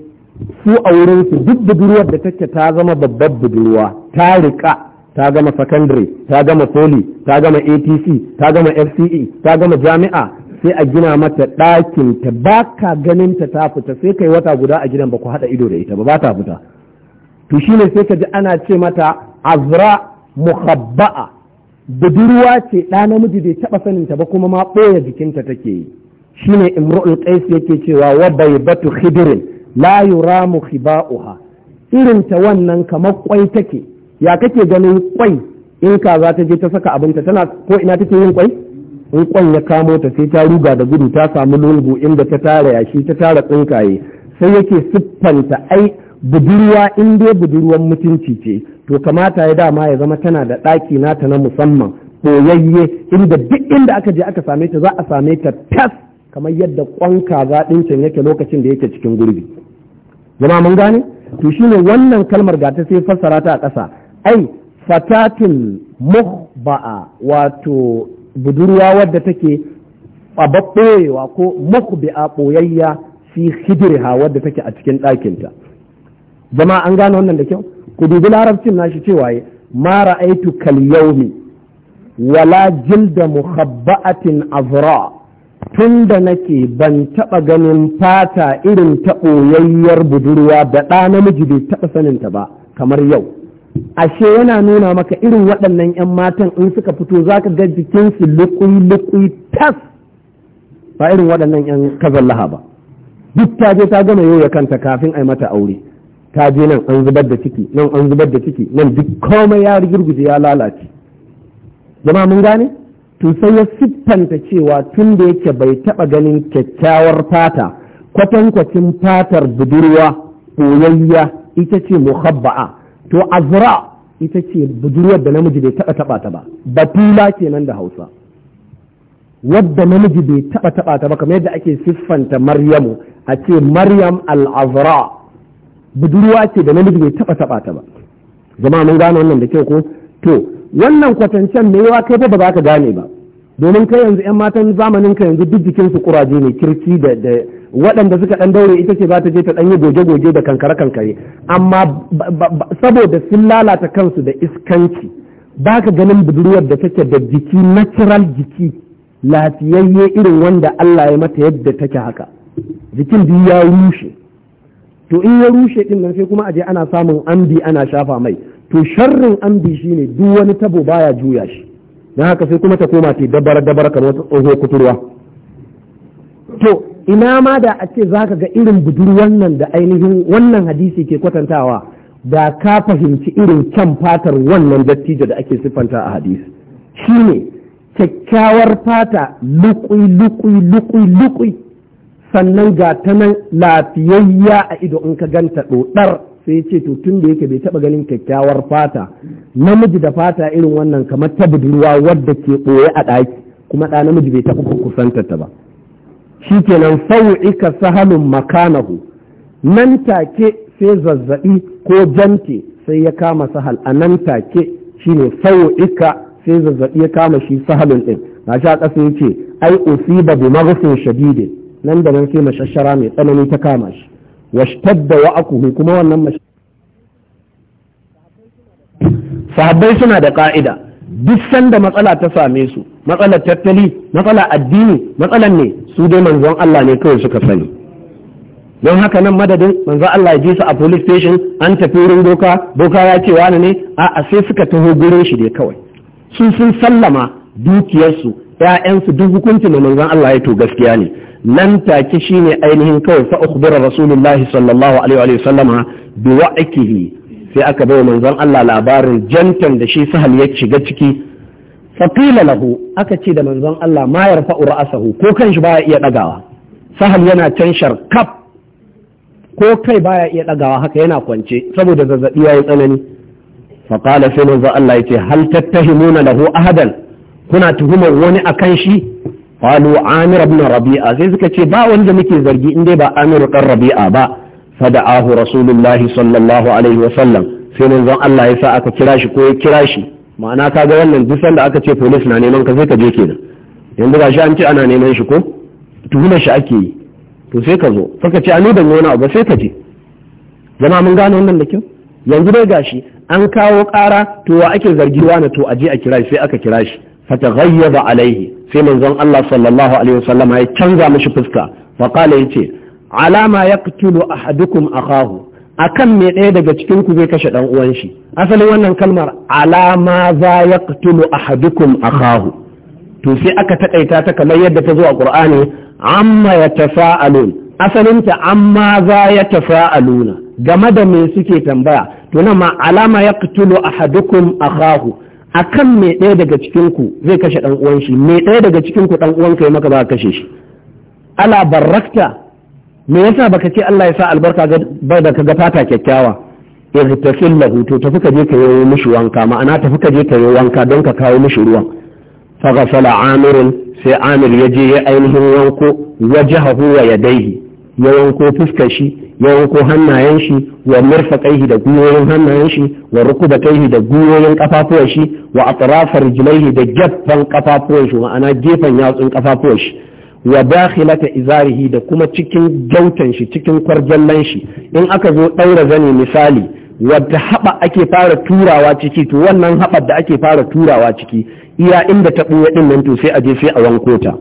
su a wurinsu duk budurwar da take ta zama babbar budurwa ta riƙa ta gama secondary ta gama poli ta gama atc ta gama fce ta gama jami'a sai a gina mata ɗakin ta ba ka ganin ta ta fita sai kai wata guda a gidan ba ku haɗa ido da ita ba ba ta fita to shine sai ka ji ana ce mata azra muhabba'a budurwa ce ɗa namiji bai taɓa sanin ta ba kuma ma ɓoye jikinta take yi shine imru'ul qais yake cewa wa baybatu khidrin la yuramu khiba'uha irin ta wannan kamar kwai take ya kake ganin kwai in kaza ta je ta saka abinta tana ko ina take yin kwai in kwan ya kamo ta sai ta ruga da gudu ta samu lungu inda ta tara yashi ta tara tsinkaye sai yake siffanta ai budurwa in dai budurwan mutunci ce to kamata ya dama ya zama tana da ɗaki nata na musamman ɓoyayye inda duk inda aka je aka same ta za a same ta tas kamar yadda kwan kaza ɗincin yake lokacin da yake cikin gurbi zama mun gane to shine wannan kalmar ga ta sai fassara ta a ƙasa ai fatatin muhba'a wato budurwa wadda take a ɓaɓɓoyewa ko a ɓoyayya fi hijirha wadda take a cikin ɗakinta Zama an gano wannan da kyau ku dubi larabcin nashi cewa ma ra'aitu kal yaumi wala jilda muhabba'atin azra Tunda da nake ban taɓa ganin fata irin ta ɓoyayyar budurwa da ɗa namiji bai taɓa saninta ba kamar yau ashe yana nuna maka irin waɗannan 'yan matan in suka fito za ka ga jikinsu lukui-lukui tas ba irin waɗannan 'yan kazallaha ba duk ta je ta gama yau ya kanta kafin a mata aure ta je nan an zubar da ciki nan an zubar da ciki nan duk komai ya girgije ya lalace zama mun gane to sai ya siffanta cewa tun da yake bai taɓa ganin kyakkyawar fata kwatankwacin fatar budurwa ɓoyayya ita ce muhabba'a to azra ita ce budurwar da namiji bai taba taba ta ba batula kenan da hausa wadda namiji bai taba taba ta ba kamar yadda ake siffanta maryamu a ce maryam al-azra budurwa ce da namiji bai taba taba ta ba jama'a mun gane wannan da kyau ko to wannan kwatancen me yawa kai ba za ka gane ba domin kai yanzu yan matan zamanin ka yanzu duk jikin su kuraje ne kirki da waɗanda suka ɗan daure ita ce za ta je ta ɗanyi goge-goge da kankare-kankare amma saboda sun lalata kansu da iskanci ba ka ganin budurwar da take da jiki natural jiki lafiyayye irin wanda Allah ya mata yadda take haka jikin biyu ya rushe to in ya rushe din nan sai kuma aje ana samun ambi ana shafa mai to sharrin ambi shine duk wani tabo baya juya shi dan haka sai kuma ta koma ta dabar dabar kamar wata tsoho kuturwa to ina ma da a ce za ka ga irin budurwar nan da ainihin wannan hadisi ke kwatantawa da ka fahimci irin kyan fatar wannan dattijo da ake siffanta a hadisi Shi ne kyakkyawar fata lukui lukui lukui lukui sannan ga ta nan lafiyayya a ido in ka ganta ɗoɗar sai ya ce to tun da yake bai taɓa ganin kyakkyawar fata namiji da fata irin wannan kamar ta budurwa wadda ke ɓoye a ɗaki kuma ɗa namiji bai taɓa kusantar ta ba shi kenan sau'ika sahalun makanahu nan take sai zazzaɓi ko jante sai ya kama sahal a nan take shi ne sau'ika sai zazzaɓi ya kama shi sahalun ɗin na sha ƙasa ya ce ai usiba bi maghsin shadidin nan da nan sai mashashara mai tsanani ta kama shi washtadda wa'akuhu kuma wannan mash sahabbai suna da ƙa'ida duk sanda matsala ta same su matsalar tattali matsalar addini matsalar ne su dai manzon Allah ne kawai suka sani don haka nan madadin manzo Allah ya ji su a police station an tafi wurin doka doka ya ce wani ne a sai suka taho gurin shi dai kawai su sun sallama dukiyarsu ‘ya'yansu duk hukuncin da manzon Allah ya to gaskiya ne nan take shine ainihin kawai fa ukhbira rasulullahi sallallahu alaihi wa sallama bi wa'ikihi sai aka bai manzon Allah labarin jantan da shi sahal ya shiga ciki faƙila lahu aka ce da manzon Allah ma yarfa asahu ko kanshi shi baya iya ɗagawa sahal yana canshar kaf ko kai baya iya ɗagawa haka yana kwance saboda zazzaɓi ya yi tsanani faƙala sai manzon Allah ya ce hal tattahimuna lahu ahadan kuna tuhumar wani akan shi qalu amir ibn rabi'a sai suka ce ba wanda muke zargi in dai ba amir ɗan rabi'a ba Sada'ahu rasulullahi sallallahu alaihi wa sallam sai manzon Allah ya sa aka kira shi ko ya kira shi ma'ana ka ga wannan duk sanda aka ce police na neman ka sai ka je kenan yanzu ga shi an ce ana neman shi ko tuhumar shi ake yi to sai ka zo saka ce ani ban wani abu sai ka je zama mun gane wannan da kyau yanzu dai gashi an kawo ƙara to wa ake zargi wani to aje a kira shi sai aka kira shi fataghayyaba alaihi sai manzon Allah sallallahu alaihi wasallam ya canza mishi fuska fa qala yace alama yaqtulu ahadukum akahu akan me ɗaya daga cikinku zai kashe ɗan uwan shi asalin wannan kalmar alama za ya hadukun a akahu to sai aka takaita ta kamar yadda ta zo a ƙur'ani, amma ya tafa yatafa'alun asalinta amma za ya tafa luna, game da me suke tambaya to nan ma alama a kahu akahu akan me ɗaya daga cikin zai kashe ɗan uwan shi me ɗaya daga cikinku ku dan uwan yi maka ba kashe shi ala barakta me yasa baka ce Allah ya sa albarka ba da ka ga fata kyakkyawa irtasil lahu to tafi ka je ka yi mishi wanka ma'ana tafi ka je ka yi wanka don ka kawo mishi ruwan fa ghasala amirin sai amir ya je ya ainihin wanko wajahahu wa yadayhi ya wanko fuskar shi ya wanko hannayen shi wa kaihi da gwiwoyin hannayen shi wa kaihi da gwiwoyin kafafuwan shi wa atrafar rijlaihi da gaffan kafafuwan shi ma'ana gefen yatsun kafafuwan shi wa dakhilata izarihi da kuma cikin jautan shi cikin kwarjallan shi in aka zo ɗaura zane misali wadda haɓa ake fara turawa ciki to wannan haɓar da ake fara turawa ciki iya inda ta buya ɗin nan to sai a je sai a wanko ta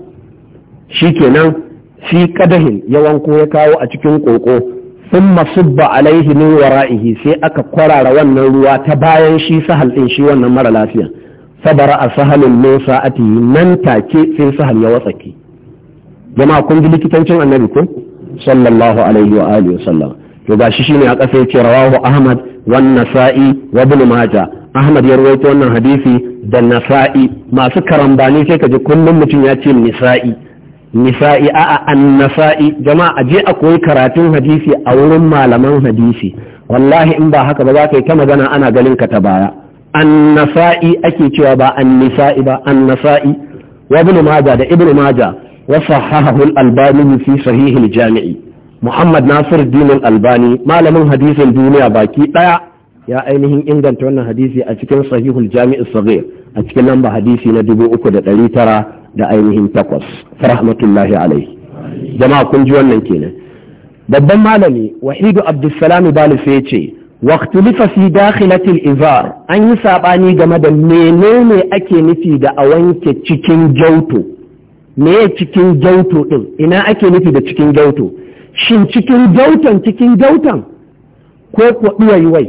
shikenan fi kadahin ya wanko ya kawo a cikin koko, sun masubba alaihi min wara'ihi sai aka kwarara wannan ruwa ta bayan shi sahal din shi wannan mara lafiya sabara a sahalin musa sa'ati nan take sai sahal ya watsake jama'a kun ji likitancin annabi ko sallallahu alaihi wa alihi wa sallam to gashi shine a ƙasa yace rawahu ahmad wan nasa'i wa ibn majah ahmad ya rawaito wannan hadisi da nasa'i masu karambani sai kaji kullum mutum ya ce nisa'i nisa'i a'a an nasa'i jama'a je a koyi karatun hadisi a wurin malaman hadisi wallahi in ba haka ba za ka yi ta magana ana ganin ka ta baya an nasa'i ake cewa ba an nisa'i ba an nasa'i wa ibn majah da ibn majah وصححه الألباني في صحيح الجامع محمد ناصر الدين الألباني ما لم حديث الدنيا باكي ainihin يا أينه إن كنت حديثي أتكن صحيح الجامع الصغير أتكن لما حديثي ندبو أكد ترى da ainihin takwas rahmatullahi alaihi jama'a kun ji wannan kenan babban malami wahidu abdulsalam bali sai ya ce waqtulifa fi dakhilatil izar an yi sabani game da menene ake nufi da a wanke cikin jauto me cikin gyauto ɗin ina ake nufi da cikin gyauto shin cikin gyautan cikin gyautan? ko ku ɗuwaiwai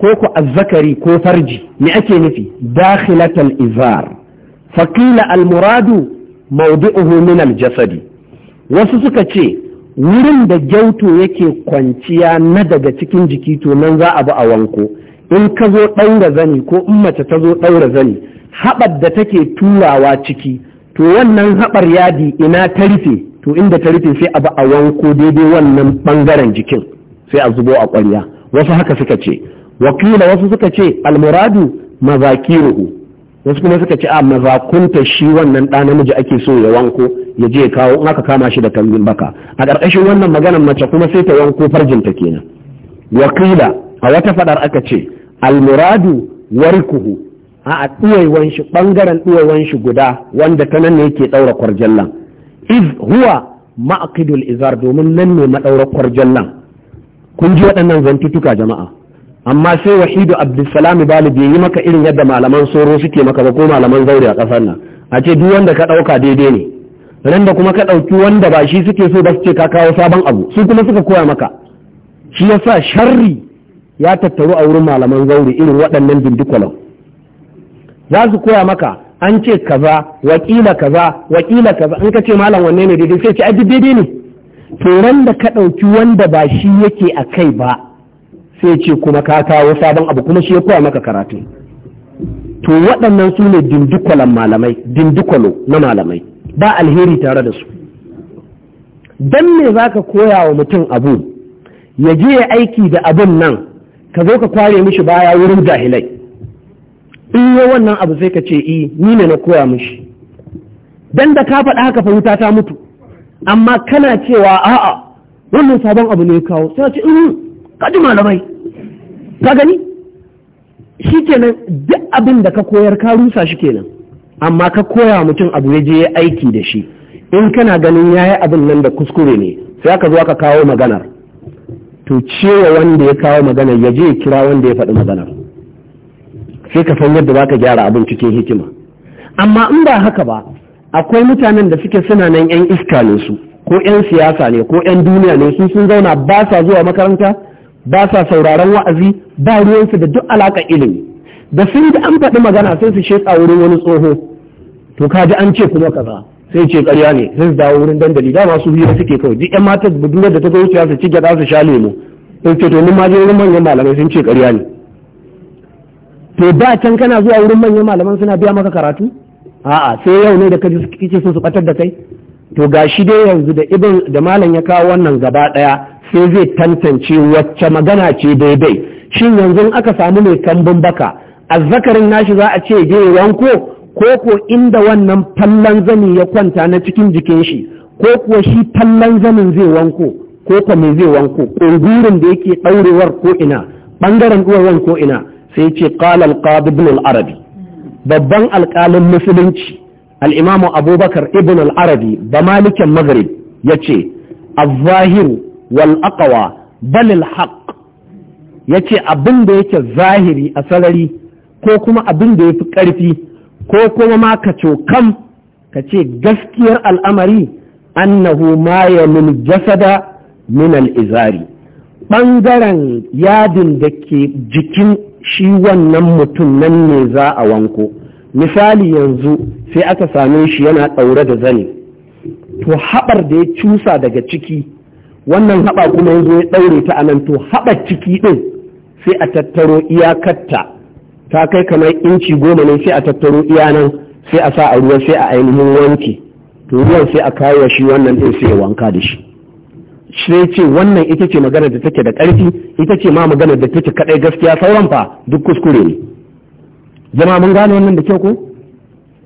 ko ku azzakari ko farji me ake nufi dakhilatal izar faqila al muradu mawdi'uhu min al jasadi wasu suka ce wurin da gyauto yake kwanciya na daga cikin jiki to nan za a bi a wanko in ka zo ɗaura zani ko in mace ta zo ɗaura zani haɓar da take turawa ciki to wannan haɓar yadi ina ta rufe to inda ta rufe sai a ba a wanko daidai wannan ɓangaren jikin sai a zubo a ƙwarya wasu haka suka ce wakila wasu suka ce almuradu mazakiruhu wasu kuma suka ce a mazakunta shi wannan ɗa namiji ake so ya wanko ya je kawo in aka kama shi da kambin baka a ƙarƙashin wannan maganar mace kuma sai ta wanko ta kenan wakila a wata faɗar aka ce almuradu warkuhu a ɗuwaiwan shi ɓangaren ɗuwaiwan shi guda wanda ta nan ne yake ɗaura kwarjallan iz huwa ma'aqidul izar domin nan ne maɗaura kwarjallan kun ji waɗannan zantutuka jama'a amma sai wahidu abdulsalam bali bai yi maka irin yadda malaman soro suke maka ba ko malaman zaure a ƙasar nan a ce duk wanda ka ɗauka daidai ne ran da kuma ka ɗauki wanda ba shi suke so ba su ce ka kawo sabon abu su kuma suka koya maka shi yasa sharri ya tattaru a wurin malaman zaure irin waɗannan dindikwalan za su koya maka an ce kaza wakila kaza wakila kaza in ka ce malam wanne ne daidai sai ce aji daidai ne to ran da ka ɗauki wanda ba shi yake a kai ba sai ce kuma ka kawo sabon abu kuma shi ya koya maka karatu to waɗannan su ne dindikwalan malamai dindikwalo na malamai ba alheri tare da su don me za ka koya wa mutum abu ya je aiki da abin nan ka zo ka kware mishi baya wurin jahilai in yi wannan abu sai ka ce i eh, ni ne na koya mishi dan da ka faɗa haka fahimta ta mutu amma kana cewa a'a wannan sabon abu ne ya kawo sai ce in mm, ka ji malamai ka gani shi kenan duk abin da ka koyar ka rusa shi kenan amma ka koya mutum abu ya je ya aiki da shi in kana ganin yayi abin nan da kuskure ne sai aka zo ka kawo maganar to cewa wanda ya kawo maganar ya je ya kira wanda ya faɗi maganar sai ka san yadda baka gyara abin cikin hikima amma in ba haka ba akwai mutanen da suke suna nan yan iska ne su ko yan siyasa ne ko yan duniya ne su sun zauna ba sa zuwa makaranta ba sa sauraron wa'azi ba ruwansu da duk alaka ilimi da sun da an faɗi magana sai su sheƙa wurin wani tsoho to ka ji an ce kuma kaza sai ce ƙarya ne sai su dawo wurin dandali dama su hira suke kawai duk yan mata budurwar da ta zo wuciya su ci gaba su sha lemu sai ce to mun ma je wurin manyan malamai sun ce ƙarya ne to da can kana zuwa wurin manyan malaman suna biya maka karatu a'a sai yau ne da kaji kike so su batar da kai to gashi dai yanzu da ibn da malam ya kawo wannan gaba daya sai zai tantance wacce magana ce daidai shin yanzu aka samu mai kambun baka azzakarin nashi za a ce je wanko ko ko inda wannan fallan zani ya kwanta na cikin jikin shi ko kuwa shi fallan zanin zai wanko ko kuma zai wanko ƙungurin da yake ɗaurewar ko ina ɓangaren ɗuwawan ko ina sai ce qala al-qadi ibn al-arabi babban alƙalin musulunci al-imam abubakar ibn al-arabi ba malikin maghrib yace az-zahiru wal aqwa bal al-haq yace abin da yake zahiri a sarari ko kuma abin da yafi ƙarfi ko kuma ma ka cokam ka ce gaskiyar al'amari annahu ma yamul jasada min al-izari ɓangaren yadin da ke jikin shi wannan mutum nan ne za a wanko misali yanzu sai aka same shi yana ɗaure da zane to haɓar da ya cusa daga ciki wannan haɓa kuma yanzu ya ɗaure ta anan to haɓar ciki ɗin sai a tattaro iyakarta ta kai kamar inci goma ne sai a tattaro iya nan sai a sa a ruwa sai a ainihin wanki to ruwan sai a kawo shi wannan ɗin sai ya wanka da shi shi ce wannan ita ce maganar da take da ƙarfi ita ce ma maganar da take kaɗai gaskiya sauran fa duk kuskure ne jama mun gane wannan da kyau ko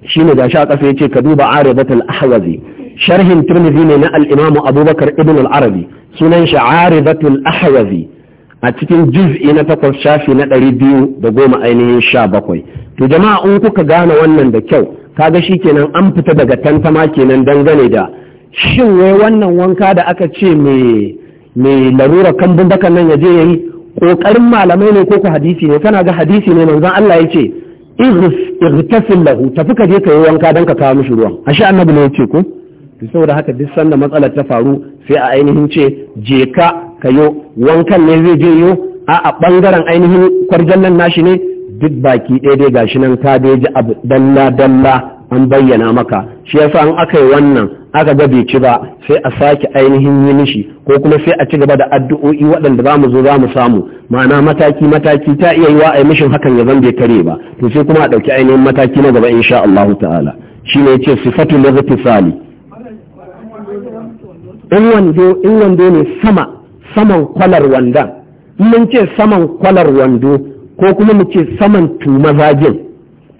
shi ne gashi a ƙasa ya ce ka duba al ahwazi sharhin tirmidhi ne na al-imamu abubakar ibn al-arabi sunan shi ahwazi a cikin juz'i na takwas shafi na ɗari biyu da goma ainihin sha bakwai to jama'a in kuka gane wannan da kyau kaga shi kenan an fita daga tantama kenan dangane da shin wai wannan wanka da aka ce mai larura kambun dakan nan ya je ya yi ƙoƙarin malamai ne ko ku hadisi ne kana ga hadisi ne manzon Allah ya ce igtasil lahu tafi ka je ka yi wanka don ka kawo mishi ruwan ashe annabi ne ya ce ko saboda haka duk sanda matsalar ta faru sai a ainihin ce je ka kayo wankan ne zai je yo a a bangaren ainihin kwarjan nan nashi ne duk baki ɗaya dai gashi nan ka ji abu dalla dalla an bayyana maka shi yasa an aka yi wannan aka ga bai ci ba sai a sake ainihin yi mishi ko kuma sai a ci gaba da addu'o'i waɗanda za mu zo za mu samu ma'ana mataki mataki ta iya yiwa a yi mishin hakan ya zan bai kare ba to sai kuma a ɗauki ainihin mataki na gaba insha Allah ta'ala shine yace sifatu sali in wando in wando ne sama saman kwalar wandan mun ce saman kwalar wando ko kuma mu ce saman tuma zagin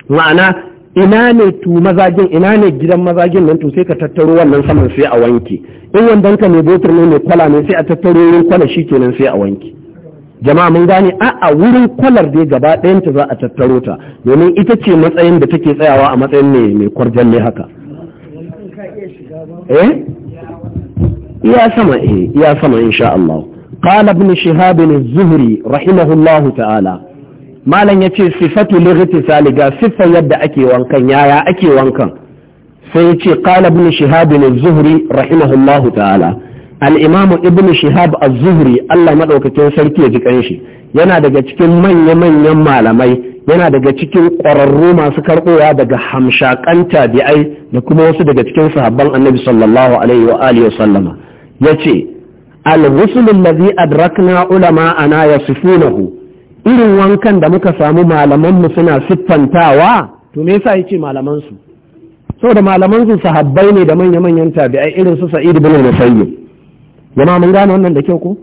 ma'ana ina ne tu mazajin ina ne gidan mazajin nan to sai ka tattaro wannan saman sai a wanke in wandan ka ne botur ne mai kwala ne sai a tattaro wurin kwala shi kenan sai a wanke jama'a mun gane a a wurin kwalar da gaba ta za a tattaro ta domin ita ce matsayin da take tsayawa a matsayin ne mai kwarjan ne haka eh iya sama eh iya sama insha Allah qala ibn shihab al zuhri rahimahullahu ta'ala malam ya ce sifatu lightisali saliga siffar yadda ake wankan yaya ake wankan sai ya ce qala ibn shihab az-zuhri rahimahullahu ta'ala al-imamu ibn shihab az-zuhri Allah madaukakin sarki ya ji kanshi yana daga cikin manya-manyan malamai yana daga cikin ƙwararru masu karɓowa daga hamshakan tabi'ai da kuma wasu daga cikin sahabban annabi sallallahu alaihi wa alihi yace al-ghusl alladhi adrakna ulama ana yasifunahu irin wankan da muka samu malamanmu suna siffantawa to me yasa yace malamansu saboda malamansu sahabbai ne da manya-manyan tabi'ai irin su sa'id ibn musayyib jama'a mun gane wannan da kyau ko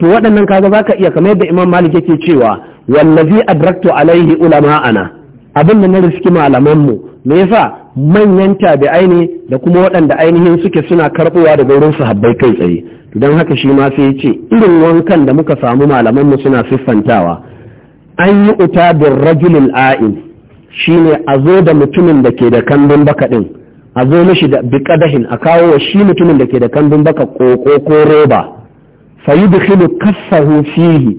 to waɗannan kaga zaka iya kamar yadda imam malik yake cewa wallazi adraktu alaihi ulama'ana abin da na riski malamanmu me yasa manyan tabi'ai ne da kuma waɗanda ainihin suke suna karɓuwa daga wurin sahabbai kai tsaye don haka shi ma sai ce irin wankan da muka samu malamanmu suna siffantawa an yi uta bin rajulil a'in ne a zo da mutumin da ke da kandun baka ɗin, a zo mishi da biqadahin a kawo wa shi mutumin da ke da kandun baka ƙoƙo ko roba fa da kaffahu fihi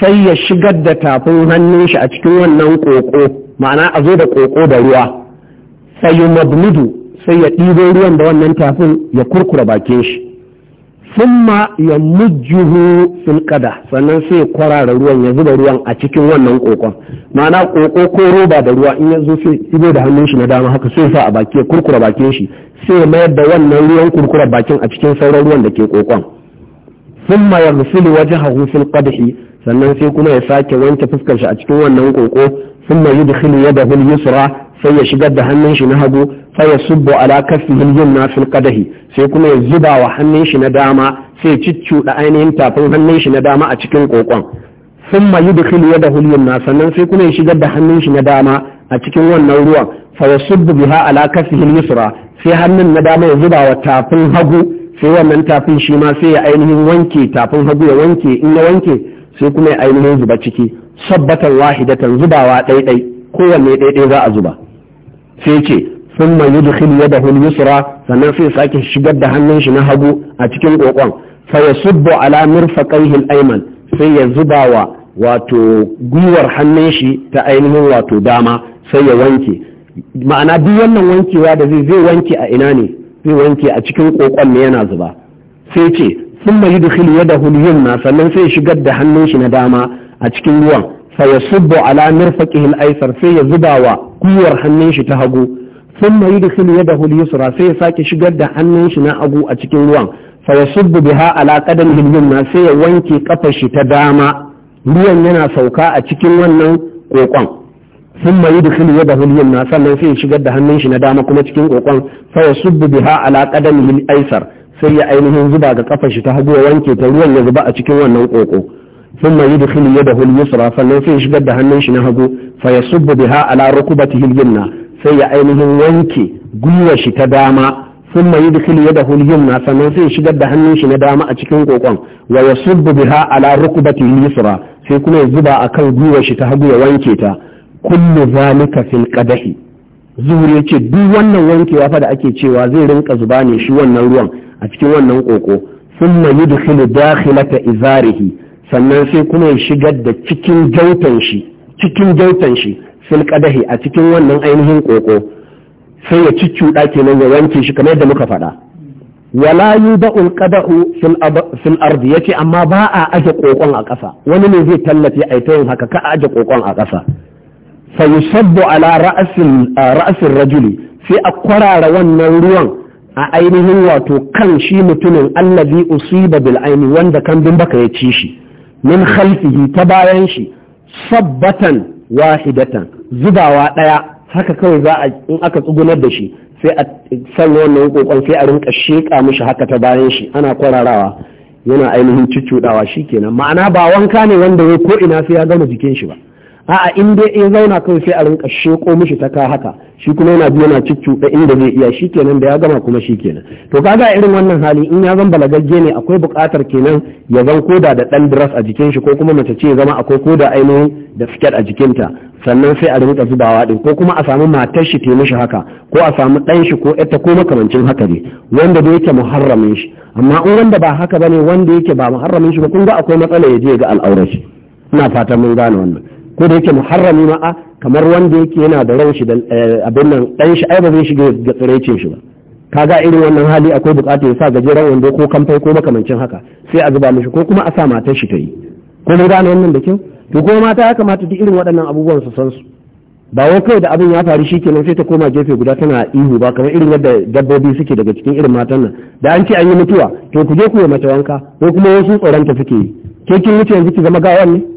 sai ya shigar da tafin hannun shi a cikin wannan ƙoƙo, ma'ana a zo da ƙoƙo da ruwa sai yumabnidu sai ya ɗibo ruwan da wannan tafin ya kurkura bakin shi thumma yamujjuhu fil qada sannan sai kwarara ruwan ya zuba ruwan a cikin wannan kokon ma'ana koko ko roba da ruwa in ya zo sai ido da hannun shi na dama haka sai sa a baki ya kurkura bakin shi sai mayar da wannan ruwan kurkura bakin a cikin sauran ruwan da ke kokon thumma yaghsilu wajhahu fil qadhi sannan sai kuma ya sake wanke fuskar shi a cikin wannan koko thumma yudkhilu yadahu al-yusra sai ya shigar da hannun shi na hagu sai ya subbo ala kafin yumna fil qadahi sai kuma ya zuba wa hannun shi na dama sai ciccuda ainihin tafin hannun shi na dama a cikin kokon thumma yudkhilu yadahu yumna sannan sai kuma ya shigar da hannun shi na dama a cikin wannan ruwan fa yasubbu biha ala kafin yusra sai hannun na dama ya zuba wa tafin hagu sai wannan tafin shi ma sai ya ainihin wanke tafin hagu ya wanke in ya wanke sai kuma ya ainihin zuba ciki sabbatan wahidatan zubawa ɗaiɗai kowanne ɗai za a zuba sai ce sun da yudkhil da al-yusra sannan sai sake shigar da hannun shi na hagu a cikin kokon fa yasubbu ala mirfaqaihi al-ayman sai ya zuba wa wato gwiwar hannun shi ta ainihin wato dama sai ya wanke ma'ana duk wannan wankewa da zai zai wanke a ina ne zai wanke a cikin kokon ne yana zuba sai ce sun da yudkhil yadahu al-yumna sannan sai shigar da hannun shi na dama a cikin ruwan fa yasubbu ala mirfaqihi al-aysar sai ya zuba wa kuwar hannun shi ta hagu thumma yudkhilu yadahu al-yusra sai ya sake shigar da hannun shi na hagu a cikin ruwan fa yasubbu biha ala qadamihi al-yumna sai ya wanke shi ta dama ruwan yana sauka a cikin wannan kokon ثم يدخل يده اليمنى sannan sai ya shigar da hannun shi na dama kuma cikin kokon sai ya subbu biha ala qadamihi sai ya ainihin zuba ga kafar shi ta hagu wanke ta ruwan ya zuba a cikin wannan koko ثم يدخل يده اليسرى فلنفي شقد هننش نهجو فيصب بها على ركبته اليمنى في عينه وينكي قوش تداما ثم يدخل يده اليمنى فلنفي شقد هننش نداما أتكين قوقان ويصب بها على ركبته اليسرى في كل زبا أكل قوش تهجو وينكي تا كل ذلك في القدح zuhuri ya ce duk wannan wankewa fa da ake cewa zai rinka zuba ne shi wannan ruwan a cikin wannan koko sun ma yi dakhilata izarihi sannan sai kuma ya shigar da cikin jautan shi cikin jautan shi sun kadahi a cikin wannan ainihin koko sai ya ke kenan ya wanke shi kamar yadda muka faɗa wala yuba'ul qada'u fil sun ardi yace amma ba a aje kokon a ƙasa wani ne zai tallafi a ta yin haka ka aje kokon a ƙasa fa yusabbu ala ra'sil ra'sil rajuli sai a kwarara wannan ruwan a ainihin wato kan shi mutumin allazi usiba bil aini wanda kan kambin baka ya ci shi min khalqihi ta bayan shi sabbatan wahidatan zubawa ɗaya haka kawai za a in aka tsugunar da shi sai a sanya wannan kokon sai a rinka sheƙa mishi haka ta bayan shi ana kwararawa yana ainihin cuccuɗawa kenan ma'ana ba wanka ne wanda wai ko ina sai ya gama jikin shi ba a'a in dai in zauna kawai sai a rinka sheko mishi ta ka haka shi kuma yana biyu yana da inda zai iya shi kenan da ya gama kuma shi kenan to kaga irin wannan hali in ya zan balagagge ne akwai buƙatar kenan ya zan koda da ɗan dress a jikin shi ko kuma mace ce zama akwai koda ainihin da siket a jikinta sannan sai a rinka zubawa din ko kuma a samu matar shi ta mishi haka ko a samu ɗan shi ko ita ko makamancin haka ne wanda da yake muharramin shi amma in wanda ba haka bane wanda yake ba muharramin shi ba kun ga akwai matsala ya je ga al'aurar ina fatan mun gane wannan ko da yake muharrami ma'a kamar wanda yake yana da ran shi da eh, abin nan dan shi ai ba zai shiga ga tsiraicin shi ba kaga irin wannan hali akwai bukatar ya sa gajeren wando ko kamfai ko makamancin haka sai a zuba mishi ko kuma a sa matar shi ta yi ko mai gane wannan da kyau to ko mata ya kamata duk irin waɗannan abubuwan su san su ba wai kai da abin ya faru shi kenan sai ta koma gefe guda tana ihu ba kamar irin yadda dabbobi suke daga cikin irin matan nan da an ce an yi mutuwa to ku je ku yi mace wanka ko kuma wasu tsoron ta suke yi ke kin wuce yanzu ki zama gawan ne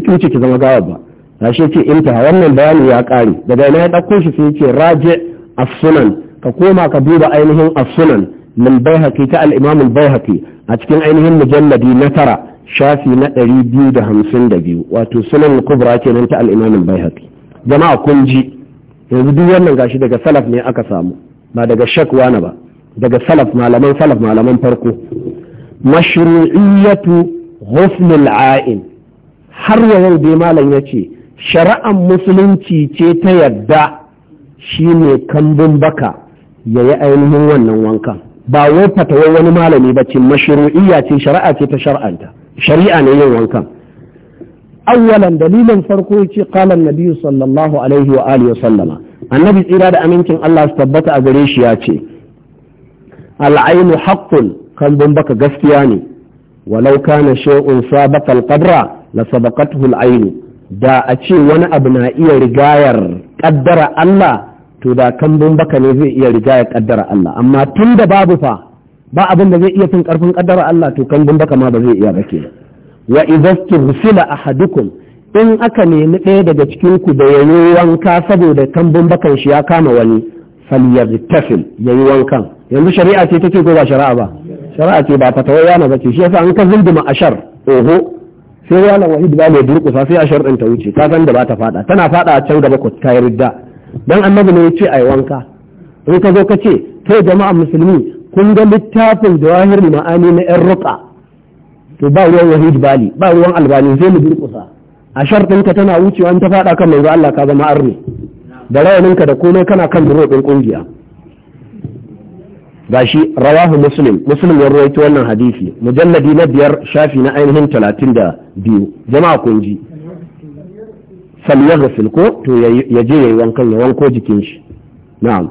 ki wuce ki zama gawa ba rashe ce inta wannan bayani ya kare daga ina ya dauko shi sai ce raje as-sunan ka koma ka duba ainihin as-sunan min baihaqi ta al-imam al-baihaqi a cikin ainihin mujalladi na tara shafi na ɗari biyu da wato sunan kubra kenan ta al-imam al-baihaqi jama'a kun ji yanzu duk wannan gashi daga salaf ne aka samu ba daga shakwa na ba daga salaf malaman salaf malaman farko mashru'iyyatu ghusl al-a'in har wa yau dai malam ya ce shari'an musulunci ce ta yadda shi ne kambun baka ya yi ainihin wannan wankan ba wai fatawar wani malami ba ce mashru'iyya ce shari'a ce ta shari'anta shari'a ne yin wankan awwalan dalilin farko ce kalan nabi sallallahu alaihi wa alihi wa sallama annabi tsira da amincin Allah su tabbata a gare shi ya ce al'ainu haqqun kambun baka gaskiya ne walau kana shay'un sabaqa qadra la sabaqathu al da a ce wani abu na iya rigayar kaddara Allah to da kambun baka ne zai iya rigayar kaddara Allah amma tun da babu fa ba abin da zai iya fin karfin kaddara Allah to kambun baka ma ba zai iya ba kenan wa idza ahadukum in aka nemi ɗaya daga cikin ku da yayi wanka saboda kambun bakan shi ya kama wani falyartafil yayi wankan yanzu shari'a ce take ko ba shari'a ba shari'a ce ba fatawa yana bace shi yasa an ka zinduma ashar oho sai wala wahid ba mai durƙusa sai a sharɗin ta wuce ka san da ba ta fada tana fada a can gaba ku ta yarda dan annabi ne ya ce ai wanka in ka zo ka ce kai jama'a musulmi kun ga littafin jawahir ma'ani na yan ruqa to ba ruwan wahid bali ba ruwan albani sai mu durƙusa a sharɗin ka tana wucewa in ta fada kan manzo Allah ka zama arni da rawaninka da komai kana kan durobin kungiya. ƙungiya gashi rawahu muslim muslim ya ruwaito wannan hadisi mujalladi na biyar shafi na ainihin talatin da biyu jama'a kun ji falyaghsil ko to ya je wankan ya wanko jikin shi na'am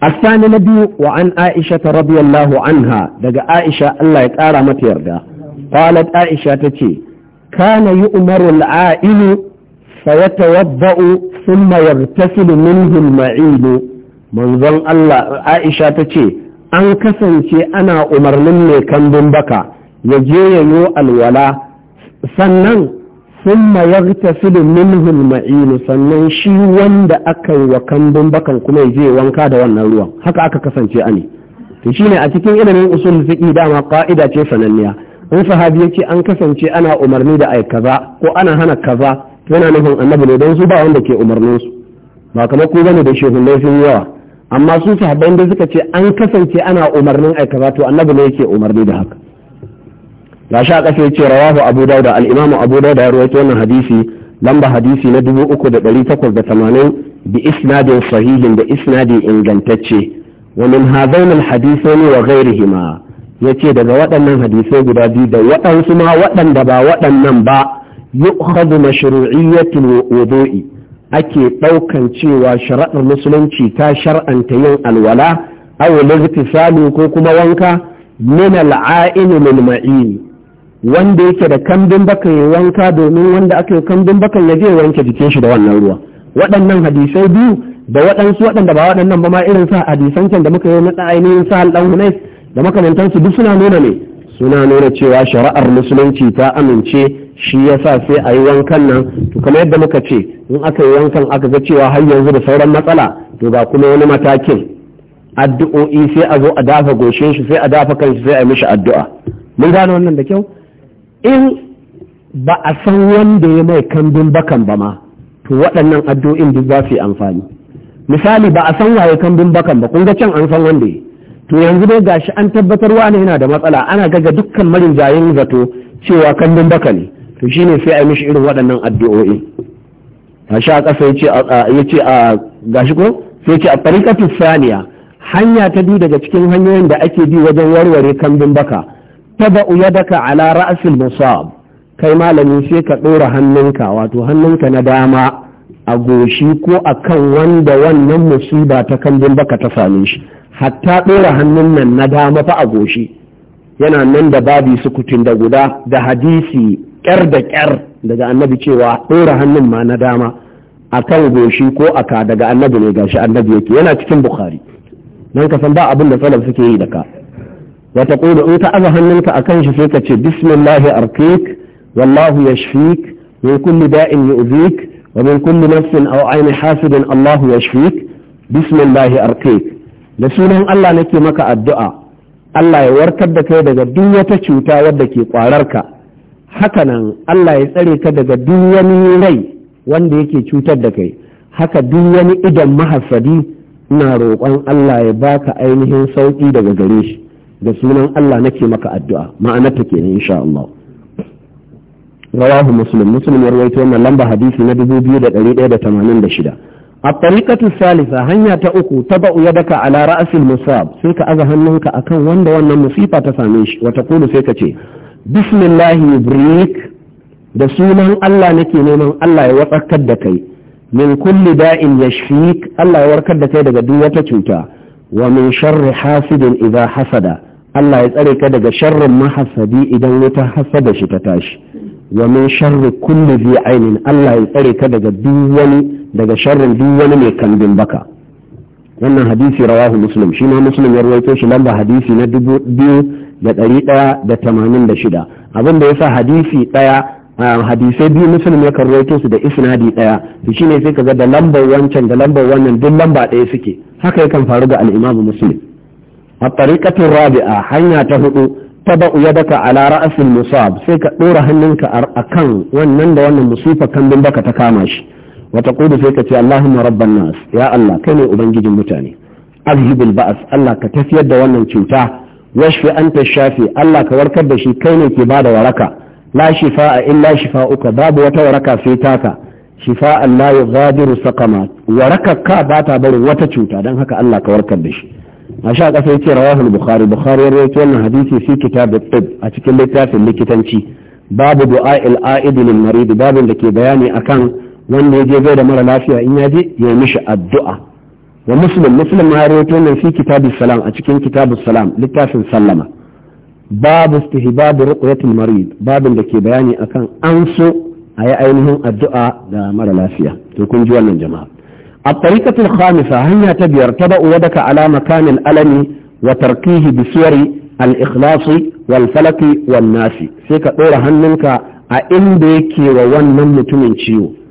asani na biyu wa an aisha ta radiyallahu anha daga aisha Allah ya kara mata yarda qalat aisha ta tace kana yu'maru al-a'ilu fa yatawaddau thumma yaghtasilu minhu al-ma'ilu manzon Allah Aisha ta ce an kasance ana umarnin mai kambin baka ya je ya yi alwala sannan summa yaghtasilu minhu al ma'inu sannan shi wanda aka yi wa kambin bakan kuma ya je wanka da wannan ruwan haka aka kasance Ta to ne a cikin ilimin usul fiqi dama ƙa'ida ce sananniya in sahabi ya ce an kasance ana umarni da ai kaza ko ana hana kaza to yana nufin annabi ne don su ba wanda ke umarnin su ba kamar ku da shehunai laifin yawa amma su sahabbai da suka ce an kasance ana umarnin aikata to annabi ne yake umarni da haka ga sha kasa yace rawahu abu dauda al-imamu abu dauda ya rawaito wannan hadisi lamba hadisi na 3880 bi isnadin sahihin da isnadi ingantacce wa min hadain al-hadithain wa ghayrihima yace daga waɗannan hadisai guda biyu da waɗansu ma waɗanda ba waɗannan ba yu'khadhu mashru'iyyatul wudu'i ake ɗaukan cewa shari'ar musulunci ta shar'anta yin alwala aw lirtisalu ko kuma wanka min al'aini lil wanda yake da kambin bakan ya wanka domin wanda aka yi kambin bakan ya je wanke jikin shi da wannan ruwa waɗannan hadisai biyu da waɗansu waɗanda ba waɗannan ba ma irin sa hadisan can da muka yi na ainihin sa dan hunais da makamantansu duk suna nuna ne suna nuna cewa shari'ar musulunci ta amince shi ya sa sai a yi wankan nan to kamar yadda muka ce in aka yi wankan aka ga cewa har yanzu da sauran matsala to ga kuma wani matakin addu'o'i sai a zo a dafa goshin shi sai a dafa kanshi sai a mishi addu'a mun gane wannan da kyau in ba a san wanda ya mai kambin bakan ba ma to waɗannan addu'o'in duk za su yi amfani misali ba a san waye kambin bakan ba kun ga can an san wanda ya to yanzu dai gashi an tabbatar wani yana da matsala ana gaga dukkan marin jayin zato cewa kambin baka ne to ne sai a yi mishi irin waɗannan addu'o'i a sha ƙasa ya ce a gashi ko sai ce a tarikatu saniya hanya ta biyu daga cikin hanyoyin da ake bi wajen warware kambin baka taba'u yadaka ala ra'sil musab kai malami sai ka ɗora hannunka wato hannunka na dama a goshi ko a kan wanda wannan musiba ta kambin baka ta same shi hatta ɗora hannun nan na dama fa a goshi yana nan da babi sukutun da guda da hadisi ƙyar da ƙyar daga annabi cewa ɗora hannun ma na dama a kan goshi ko aka daga annabi ne gashi annabi yake yana cikin bukhari don ka san ba abin da salaf suke yi da ka wata in ka aza hannunka a kan shi sai ka ce bismillahi arkik wallahu yashfik min kulli da'in yu'zik wa min kulli nafsin aw aini hasidin allahu yashfik bismillahi arkik da sunan Allah nake maka addu'a Allah ya warkar da kai daga duk wata cuta wadda ke kwararka Haka nan, Allah ya tsare ka daga duk wani rai wanda yake cutar da kai haka duk wani idan mahasadi ina roƙon Allah ya baka ainihin sauƙi daga gare shi da sunan Allah nake maka addu'a ma'anarta kenan insha Allah rawahu muslim muslim yarwaito wannan lamba hadisi na 2186 at-tariqatu salisa hanya ta uku taba'u yadaka ala ra'sil musab sai ka aza hannunka akan wanda wannan musifa ta same shi wata kulu sai ka ce bismillahi yubrik da sunan Allah nake neman Allah ya watsakar da kai min kulli da'in yashfik Allah ya warkar da kai daga duk wata cuta wa min sharri hasidin idza hasada Allah ya tsare ka daga sharrin mahasadi idan wata hasada shi ta tashi wa min sharri kulli dhi ainin Allah ya tsare ka daga duk wani daga sharrin duk wani mai kambin baka wannan hadisi rawahu muslim shi ma muslim ya rawaito shi lamba hadisi na dubu biyu da ɗari ɗaya da tamanin da shida abin da ya sa hadisi ɗaya hadisai biyu musulmi ya karwaito su da isnadi ɗaya to shine sai ga da lambar wancan da lambar wannan duk lamba ɗaya suke haka yakan faru ga alimam muslim a tariqatul rabi'a hanya ta hudu taba'u yadaka ala ra'asin musab sai ka ɗora hannunka akan wannan da wannan musifa kambin baka ta kama shi wata kudu sai ka ce Allahumma rabban nas ya Allah kai ne ubangijin mutane azhibil ba'as Allah ka tafiyar da wannan cuta yashfi anta shafi Allah ka warkar da shi kai ne ke bada waraka la shifa'a illa shifa'uka babu wata waraka sai taka shifa'an la yughadiru saqama waraka ka ba ta barin wata cuta dan haka Allah ka warkar da shi a sha kasa yace rawahul bukhari bukhari ya rawaito wannan hadisi fi kitab at-tib a cikin littafin likitanci babu du'a'il a'id lil marid babin da ke bayani akan wanda ya je bai da mara lafiya in ya je ya mishi addu'a wa muslim muslim ma rawaito ne fi kitabus salam a cikin kitabus salam littafin sallama babu istihbab ruqyatil marid babin da ke bayani akan an so a yi ainihin addu'a da mara lafiya to kun ji wannan jama'a a tariqatul khamisa hanya ta biyar taba'u yadaka ala makanil alami wa tarkihi bi suwari al-ikhlas wal falaq wan nasi sai ka dora hannunka a inda yake wa wannan mutumin ciwo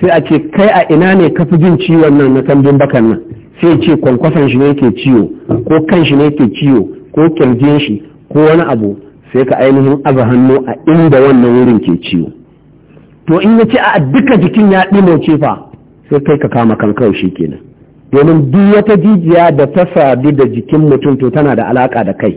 sai a ce kai a ina ne ka fi jin ciwon nan na kambin bakan nan sai ce kwankwason shi ne yake ciwo ko kan shi ne yake ciwo ko kirjin shi ko wani abu sai ka ainihin aza hannu a inda wannan wurin ke ciwo to in ya ce a duka jikin ya ɗimoce fa sai kai ka kama kan shi kenan domin duk wata jijiya da ta sadu da jikin mutum to tana da alaka da kai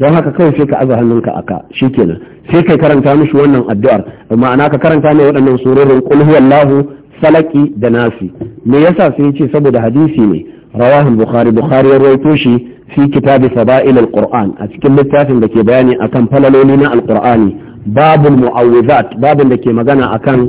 don haka kawai sai ka aza hannunka shi kenan sai kai karanta mishi wannan addu'ar ma'ana ka karanta mai waɗannan surorin qul huwallahu falaki da nasi me yasa sai ya ce saboda hadisi ne rawahu bukhari bukhari ya rawaito shi fi kitabi fada'il alquran a cikin littafin da ke bayani akan falaloli na alqur'ani babul mu'awwizat babin da ke magana akan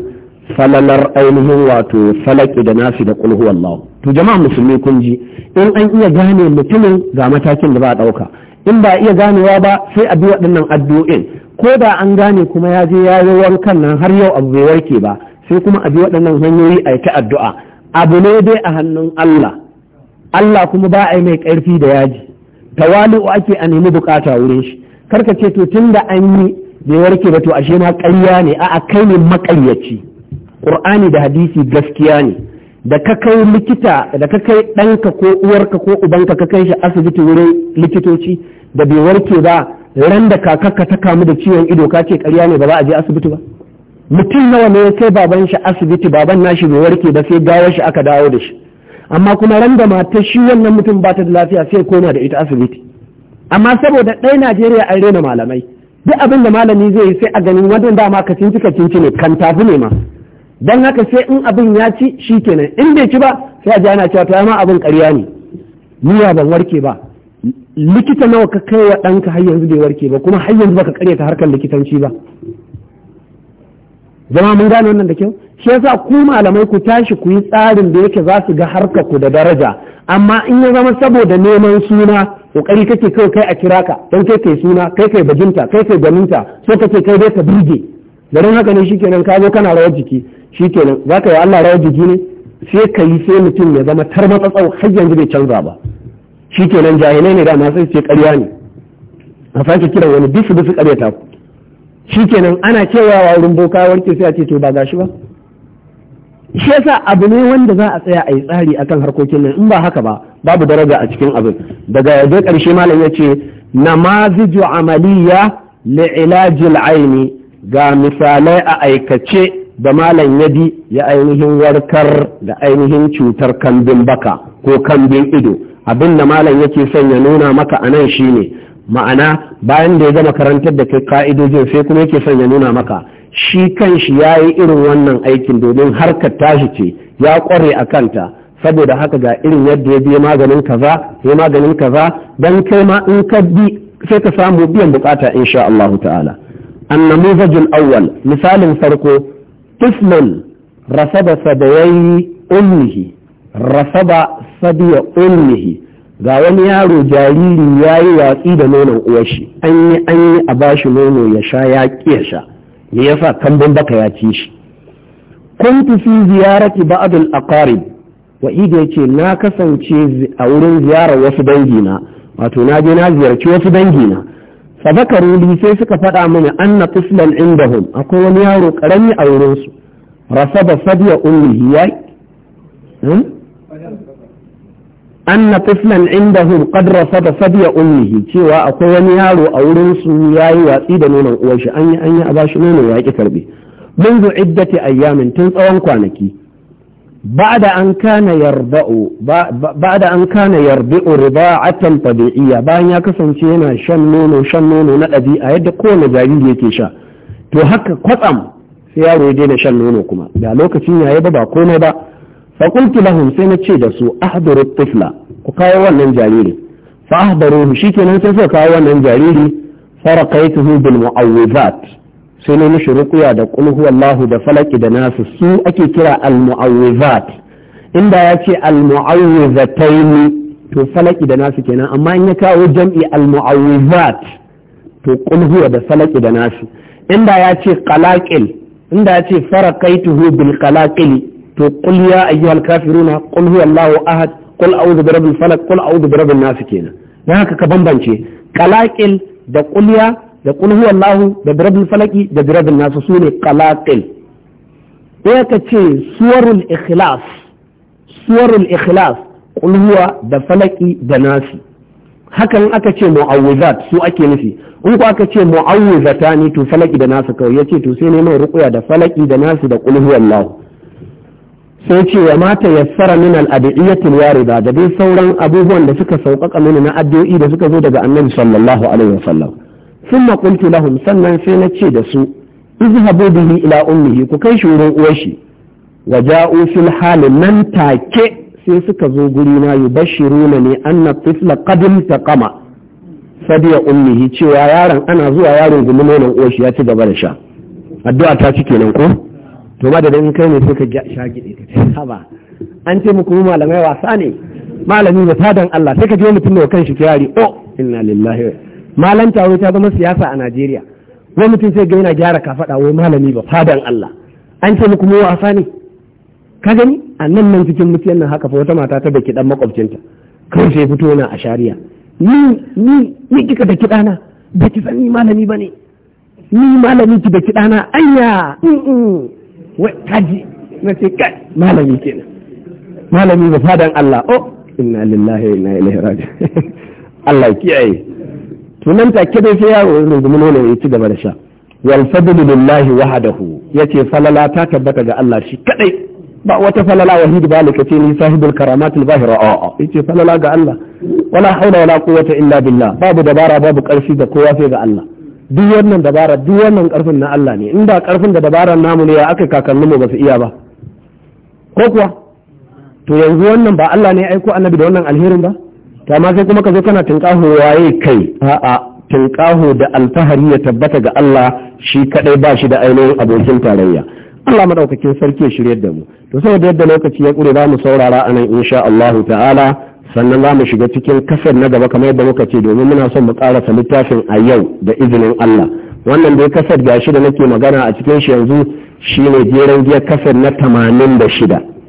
falalar ainihin wato falaki da nasi da qul huwallahu to jama'a musulmi kun ji in an iya gane mutumin ga matakin da za a dauka in ba iya ganewa ba sai a bi waɗannan addu'o'in ko da an gane kuma ya je ya yi wankan nan har yau abu bai warke ba sai kuma a bi waɗannan hanyoyi a yi ta addu'a abu ne dai a hannun Allah Allah kuma ba a yi mai ƙarfi da yaji tawali'u ake a nemi bukata wurin shi karka ce to tun da an yi bai warke ba to ashe ma ƙarya ne a'a kai ne maƙaryaci qur'ani da hadisi gaskiya ne da ka kai likita da ka kai ɗanka ko uwarka ko ubanka ka kai shi asibiti wurin likitoci da bai warke ba ran da kakarka ta kamu da ciwon ido ka ce ƙarya ne ba za a je asibiti ba mutum nawa ne ya kai baban shi asibiti baban nashi bai warke ba sai gawar shi aka dawo da shi amma kuma ran da mata shi wannan mutum ba ta da lafiya sai koma da ita asibiti amma saboda ɗaya najeriya an rena malamai duk abin da malami zai yi sai a ganin wadanda dama ka cinci ka cinci ne kan tafi ne ma Don haka sai in abin ya ci shi kenan in bai ci ba sai a ji ana cewa to ma abin ƙarya ne niya ban warke ba likita nawa ka kai wa ɗanka har yanzu bai warke ba kuma har yanzu baka ƙarya ta harkar likitanci ba zama mun gane wannan da kyau shi yasa ku malamai ku tashi ku yi tsarin da yake za su ga harkar ku da daraja amma in ya zama saboda neman suna kokari kake kai kai a kira ka don kai kai suna kai kai bajinta kai kai gwaninta so kake kai dai ka birge. garin haka ne shikenan ka zo kana rawar jiki shikenan za ka yi Allah rawar jiki ne sai ka yi sai mutum ya zama tar matsatsau har yanzu bai canza ba shikenan jahilai ne da na sai ce ƙarya ne a sake kira wani bisu bisu Shi ke shikenan ana cewa wa wurin boka warke sai a ce to ba gashi ba shi yasa abu ne wanda za a tsaya a yi tsari akan harkokin nan in ba haka ba babu daraja a cikin abin daga dai karshe malam ya ce namaziju amaliya li'ilajil aini ga misalai a aikace da malam yadi ya ainihin warkar da ainihin cutar kambin baka ko kambin ido abin da malam yake son ya nuna maka a nan shine ma'ana bayan da ya gama karantar da kai ka'idojin sai kuma yake son ya nuna maka shi kan shi ya yi irin wannan aikin domin harkar tashi ce ya kware a kanta saboda haka ga irin yadda ya biya maganin kaza ya maganin kaza don kai ma in ka bi sai ka samu biyan bukata insha Allah ta'ala النموذج الأول مثال فرقه طفل رصد صديي أمه رصد صدي أمه ga wani yaro jariri ya yi watsi da nonon uwashi an yi an yi a bashi nono ya sha ya ya sha me yasa kambun baka ya ci shi kuntu fi ziyarati ba'd al aqarib wa ida yace na kasance a wurin ziyarar wasu dangi na wato na je na ziyarci wasu dangi na fadakaru li sai suka faɗa mini anna tiflan indahum akwai wani yaro karami a wurin su rasaba sabya ummihi ya anna tiflan indahum qad rasaba sabya ummihi cewa akwai wani yaro a wurin su yayi watsi da nonon uwar shi an yi an yi a bashi Mun ya ki karbe منذ عدة أيام تنصوا كوانكي an بعد أن كان a بعد أن كان يرضع رضاعة طبيعية بان يكسن شينا شن نونو شن نونو نأذي أيد كون جايز sha to haka kwatsam sai yaro ya daina shan nono kuma da lokacin yayi ba ba komai ba fa qultu sai na ce da su ahdaru tifla ku kawo wannan jariri fa ahdaruhu shikenan sai suka kawo wannan jariri faraqaituhu bil mu'awwizat sai na mishi rukuya da kulhu wallahu da falaki da nasu su ake kira al-mu'awwizat inda ya ce al-mu'awwizataini to falaki da nasu kenan amma in ya kawo jam'i al-mu'awwizat to kulhu da falaki da nasu inda ya ce qalaqil inda ya ce faraqaituhu bil qalaqil to qul ya ayyuhal kafiruna qul huwallahu ahad qul a'udhu birabbil falaq qul a'udhu birabbin nas kenan dan haka ka bambance qalaqil da qulya da qul huwallahu da birabil falaki da birabil nasu sune qalaqil sai ka ce suwarul ikhlas suwarul ikhlas huwa da falaki da nasi hakan aka ce mu'awwizat su ake nufi in ko aka ce mu'awwizata ne to falaki da nasu kawai yace to sai neman ruqya da falaki da nasu da qul huwallahu sai ce wa mata yassara min al-adiyati al-warida da dai sauran abubuwan da suka sauƙaƙa mini na addu'o'i da suka zo daga annabi sallallahu alaihi wasallam sun makultu lahum sannan sai na ce da su izhabu bihi ila ummihi ku kai shi wurin uwarshi wa ja'u fil hali nan take sai suka zo guri na yubashiruna ne anna tifla ta iltaqama sadiya ummihi cewa yaron ana zuwa yaron gumi nonon uwarshi ya ci gaba da sha addu'a ta ci kenan ko to ma da dan kai ne sai ka sha gidi ka haba an ce muku malamai wasa ne malami da fadan Allah sai ka je mutum da kanshi ta yari. oh inna lillahi malam wai ta zama siyasa a Najeriya wai mutum sai ga yana gyara kafada wai malami ba fadan Allah an ce muku mu wasa ne ka gani a nan nan cikin mutiyan nan haka fa wata mata ta daki dan makwabcinta kai sai fito na a shari'a ni ni ni kika daki dana ba ki san ni malami bane ni malami ki daki dana ayya wai kaji na ce kai malami kenan malami ba fadan Allah oh inna lillahi wa inna ilaihi raji'un (laughs) Allah kiyaye to nan take dai sai yaro rungumi nono ya ci gaba da sha wal fadlu lillahi wahdahu yace falala ta tabbata ga Allah shi kadai ba wata falala wahid balika ce ni sahibul karamatul bahira a a yace falala ga Allah wala haula wala quwwata illa billah babu dabara babu karfi ga kowa sai ga Allah duk wannan dabara duk wannan karfin na Allah ne in ba karfin da dabaran namu ne ya aka kakannin mu ba su iya ba ko kuwa to yanzu wannan ba Allah ne ya aiko annabi da wannan alherin ba kama sai kuma ka zo kana tunƙaho waye kai a'a tunƙaho da alfahari ya tabbata ga Allah shi kadai ba shi da ainihin abokin tarayya Allah madaukakin sarki ya shirye da mu to saboda yadda lokaci ya kure za mu saurara anan insha Allah ta'ala sannan za mu shiga cikin kasar na gaba kamar yadda muka ce domin muna son mu karasa littafin a yau da izinin Allah wannan dai kasar gashi da nake magana a cikin shi yanzu shine jeren giya kasar na 86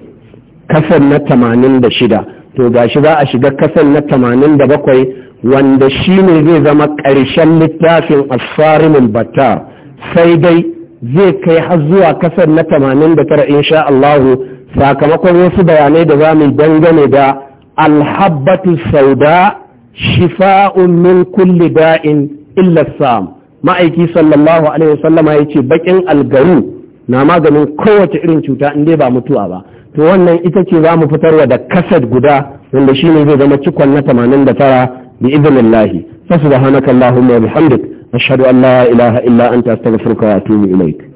kasan na tamanin da shida to gashi za a shiga kasan na tamanin da bakwai wanda shi ne zai zama ƙarshen littafin asfarimin batta sai dai zai kai har zuwa kasan na tamanin da tara insha Allahu sakamakon wasu bayanai da za mu dangane da alhabbatu sauda shifa'un min kulli da'in illa sam ma'aiki sallallahu alaihi wasallama yace bakin algaru na maganin kowace irin cuta in dai ba mutuwa ba to wannan ita ce za mu fitarwa da kasad guda wanda shine zai zama cikon na 89 bi idnillahi fa subhanakallahumma wa bihamdik ashhadu an la ilaha illa anta astaghfiruka wa atubu ilaik